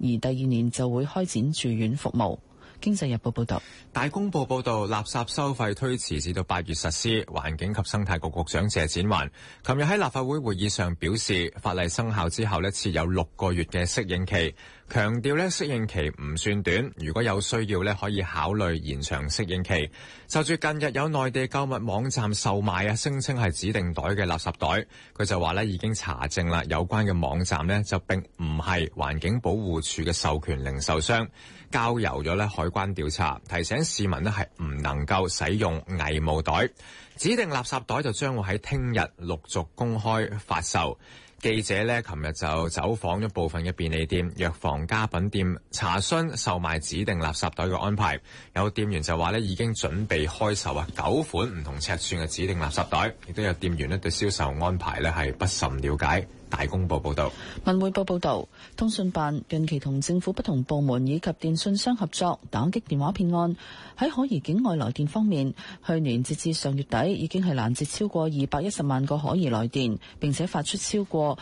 而第二年就會開展住院服務。經濟日報報道，大公報報道，垃圾收費推遲至到八月實施。環境及生態局局長謝展寰，琴日喺立法會會議上表示，法例生效之後呢，設有六個月嘅適應期。強調咧，適應期唔算短。如果有需要咧，可以考慮延長適應期。就住近日有內地購物網站售賣啊，聲稱係指定袋嘅垃圾袋，佢就話咧已經查證啦，有關嘅網站呢，就並唔係環境保護署嘅授權零售商，交由咗咧海關調查。提醒市民咧係唔能夠使用偽冒袋，指定垃圾袋就將會喺聽日陸續公開發售。記者呢，琴日就走訪咗部分嘅便利店、藥房、家品店，查詢售賣指定垃圾袋嘅安排。有店員就話呢，已經準備開售啊，九款唔同尺寸嘅指定垃圾袋。亦都有店員呢，對銷售安排呢係不甚了解。大公報報道，文匯報報道，通訊辦近期同政府不同部門以及電信商合作打擊電話騙案。喺可疑境外來電方面，去年截至上月底已經係攔截超過二百一十萬個可疑來電，並且發出超過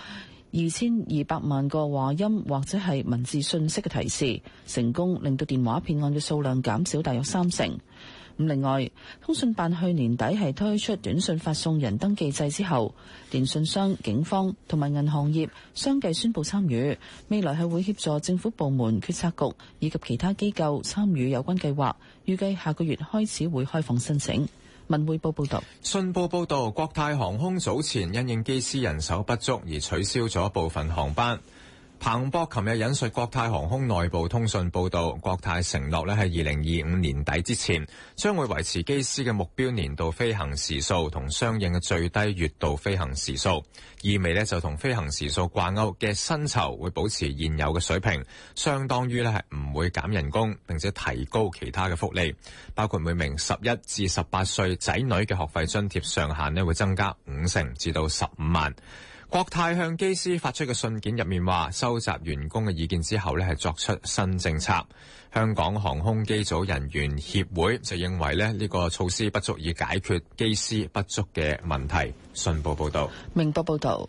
二千二百萬個話音或者係文字信息嘅提示，成功令到電話騙案嘅數量減少大約三成。咁另外，通訊辦去年底係推出短訊發送人登記制之後，電訊商、警方同埋銀行業相繼宣布參與，未來係會協助政府部門、決策局以及其他機構參與有關計劃。預計下個月開始會開放申請。文匯報報道，信報報道，國泰航空早前因應機師人手不足而取消咗部分航班。彭博琴日引述國泰航空內部通訊報道，國泰承諾咧喺二零二五年底之前，將會維持機師嘅目標年度飛行時數同相應嘅最低月度飛行時數，意味咧就同飛行時數掛鈎嘅薪酬會保持現有嘅水平，相當於咧係唔會減人工，並且提高其他嘅福利，包括每名十一至十八歲仔女嘅學費津貼上限咧會增加五成至到十五萬。國泰向機師發出嘅信件入面話，收集員工嘅意見之後呢係作出新政策。香港航空機組人員協會就認為咧，呢個措施不足以解決機師不足嘅問題。信報報道，明報報道。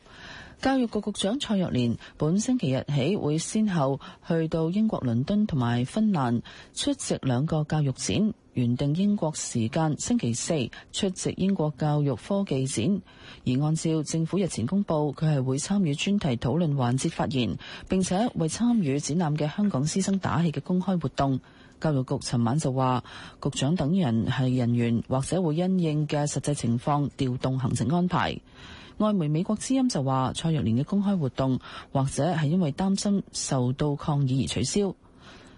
教育局局長蔡若蓮本星期日起會先後去到英國倫敦同埋芬蘭出席兩個教育展，原定英國時間星期四出席英國教育科技展，而按照政府日前公布，佢係會參與專題討論環節發言，並且為參與展覽嘅香港師生打氣嘅公開活動。教育局尋晚就話，局長等人係人員或者會因應嘅實際情況調動行程安排。外媒美國之音就話蔡若蓮嘅公開活動，或者係因為擔心受到抗議而取消。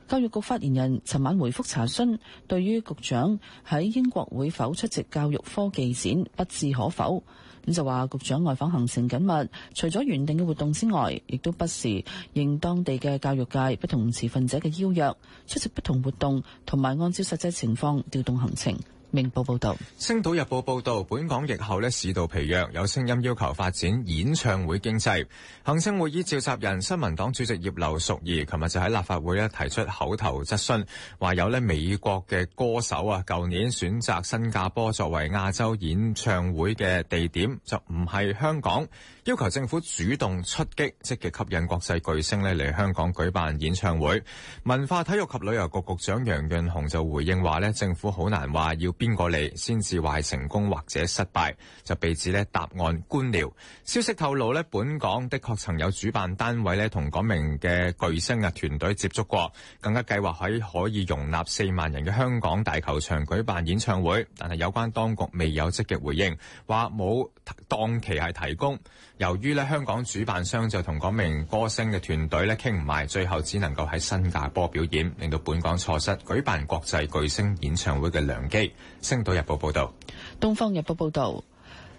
教育局發言人尋晚回覆查詢，對於局長喺英國會否出席教育科技展，不置可否。咁就話局長外訪行程緊密，除咗原定嘅活動之外，亦都不時應當地嘅教育界不同持份者嘅邀約，出席不同活動，同埋按照實際情況調動行程。明報報導，《星島日報》報導，本港疫後咧市道疲弱，有聲音要求發展演唱會經濟。行政會議召集人、新民黨主席葉劉淑儀，琴日就喺立法會咧提出口頭質詢，話有咧美國嘅歌手啊，舊年選擇新加坡作為亞洲演唱會嘅地點，就唔係香港。要求政府主動出擊，積極吸引國際巨星呢嚟香港舉辦演唱會。文化體育及旅遊局局長楊潤雄就回應話呢，政府好難話要邊個嚟先至話係成功或者失敗，就被指呢答案官僚。消息透露呢，本港的確曾有主辦單位呢同嗰名嘅巨星嘅團隊接觸過，更加計劃喺可以容納四萬人嘅香港大球場舉辦演唱會，但係有關當局未有積極回應，話冇檔期係提供。由於咧香港主辦商就同嗰名歌星嘅團隊咧傾唔埋，最後只能夠喺新加坡表演，令到本港錯失舉辦國際巨星演唱會嘅良機。星島日報報道。東方日報報道，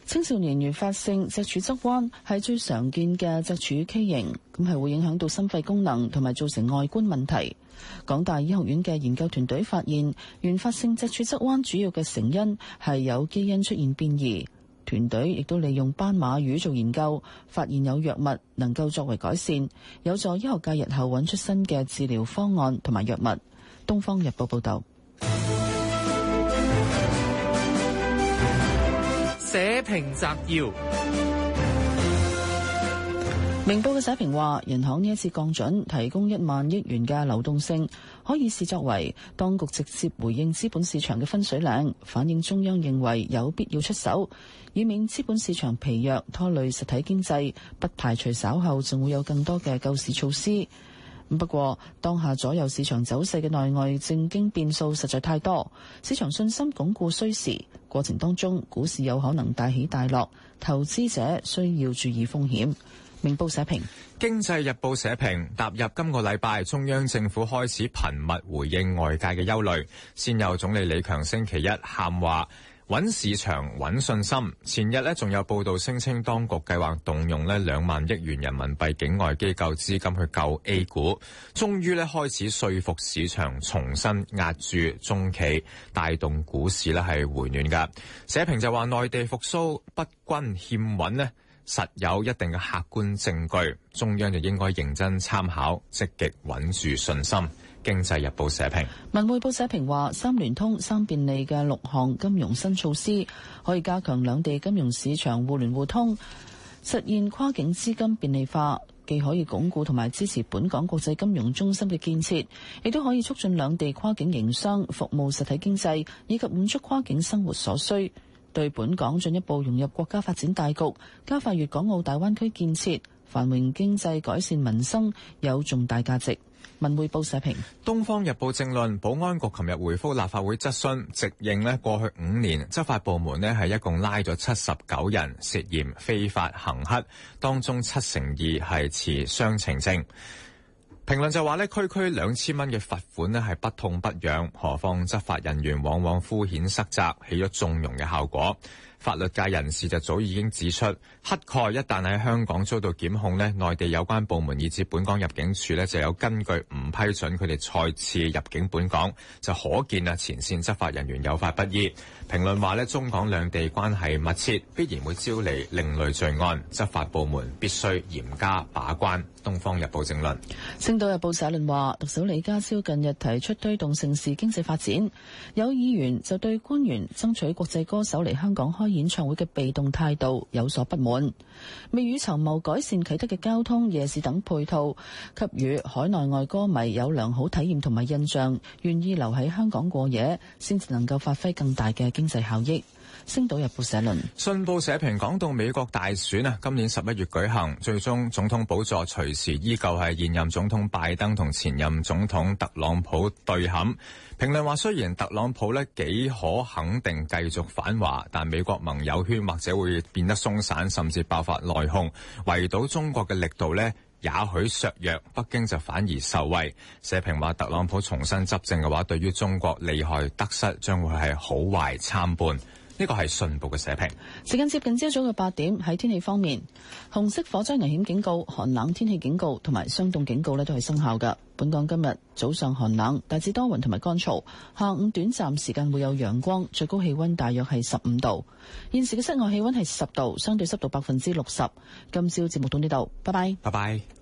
青少年原發性脊柱側彎係最常見嘅脊柱畸形，咁係會影響到心肺功能同埋造成外觀問題。港大醫學院嘅研究團隊發現，原發性脊柱側彎主要嘅成因係有基因出現變異。團隊亦都利用斑馬魚做研究，發現有藥物能夠作為改善，有助醫學界日後揾出新嘅治療方案同埋藥物。東方日報報道。寫評摘要。明報嘅社評話，人行呢一次降準提供一萬億元嘅流動性，可以視作為當局直接回應資本市場嘅分水嶺，反映中央認為有必要出手，以免資本市場疲弱拖累實體經濟。不排除稍後仲會有更多嘅救市措施。不過，當下左右市場走勢嘅內外正經變數實在太多，市場信心鞏固需時，過程當中股市有可能大起大落，投資者需要注意風險。明報社評。《經濟日報》社評，踏入今個禮拜，中央政府開始頻密回應外界嘅憂慮。先有總理李強星期一喊話，穩市場、穩信心。前日呢，仲有報道聲稱當局計劃動用呢兩萬億元人民幣境外機構資金去救 A 股。終於呢，開始說服市場重新壓住中企，帶動股市呢係回暖噶社評就話內地復蘇不均欠穩呢，實有一定嘅客觀證據，中央就應該認真參考，積極穩住信心。經濟日報社評，文匯報社評話，三聯通、三便利嘅六項金融新措施，可以加強兩地金融市場互聯互通，實現跨境資金便利化，既可以鞏固同埋支持本港國際金融中心嘅建設，亦都可以促進兩地跨境營商、服務實體經濟以及滿足跨境生活所需。對本港進一步融入國家發展大局、加快粵港澳大灣區建設、繁榮經濟、改善民生有重大價值。文匯報社評，《東方日報》政論，保安局琴日回覆立法會質詢，直認咧過去五年執法部門咧係一共拉咗七十九人涉嫌非法行乞，當中七成二係持雙程證。評論就話呢，區區兩千蚊嘅罰款咧係不痛不癢，何況執法人員往往敷衍塞責，起咗縱容嘅效果。法律界人士就早已經指出，乞丐一旦喺香港遭到檢控呢，內地有關部門以至本港入境處呢，就有根據唔批准佢哋再次入境本港，就可見啊，前線執法人員有法不依。評論話咧，中港兩地關係密切，必然會招嚟另類罪案，執法部門必須嚴加把關。《東方日報》正論，《星島日報》社論話，特首李家超近日提出推動城市經濟發展，有議員就對官員爭取國際歌手嚟香港開演唱會嘅被動態度有所不滿。未雨綢繆，改善啟德嘅交通、夜市等配套，給予海內外歌迷有良好體驗同埋印象，願意留喺香港過夜，先至能夠發揮更大嘅經濟效益。星島日報社論，信報社評講到美國大選啊，今年十一月舉行，最終總統寶座隨時依舊係現任總統拜登同前任總統特朗普對撼。評論話，雖然特朗普呢幾可肯定繼續反華，但美國盟友圈或者會變得鬆散，甚至爆發內訌，圍堵中國嘅力度呢，也許削弱，北京就反而受惠。社評話，特朗普重新執政嘅話，對於中國利害得失將會係好壞參半。呢個係信報嘅社評。時間接近朝早嘅八點，喺天氣方面，紅色火災危險警告、寒冷天氣警告同埋霜凍警告咧都係生效噶。本港今日早上寒冷，大致多雲同埋乾燥，下午短暫時間會有陽光，最高氣溫大約係十五度。現時嘅室外氣溫係十度，相對濕度百分之六十。今朝節目到呢度，拜拜，拜拜。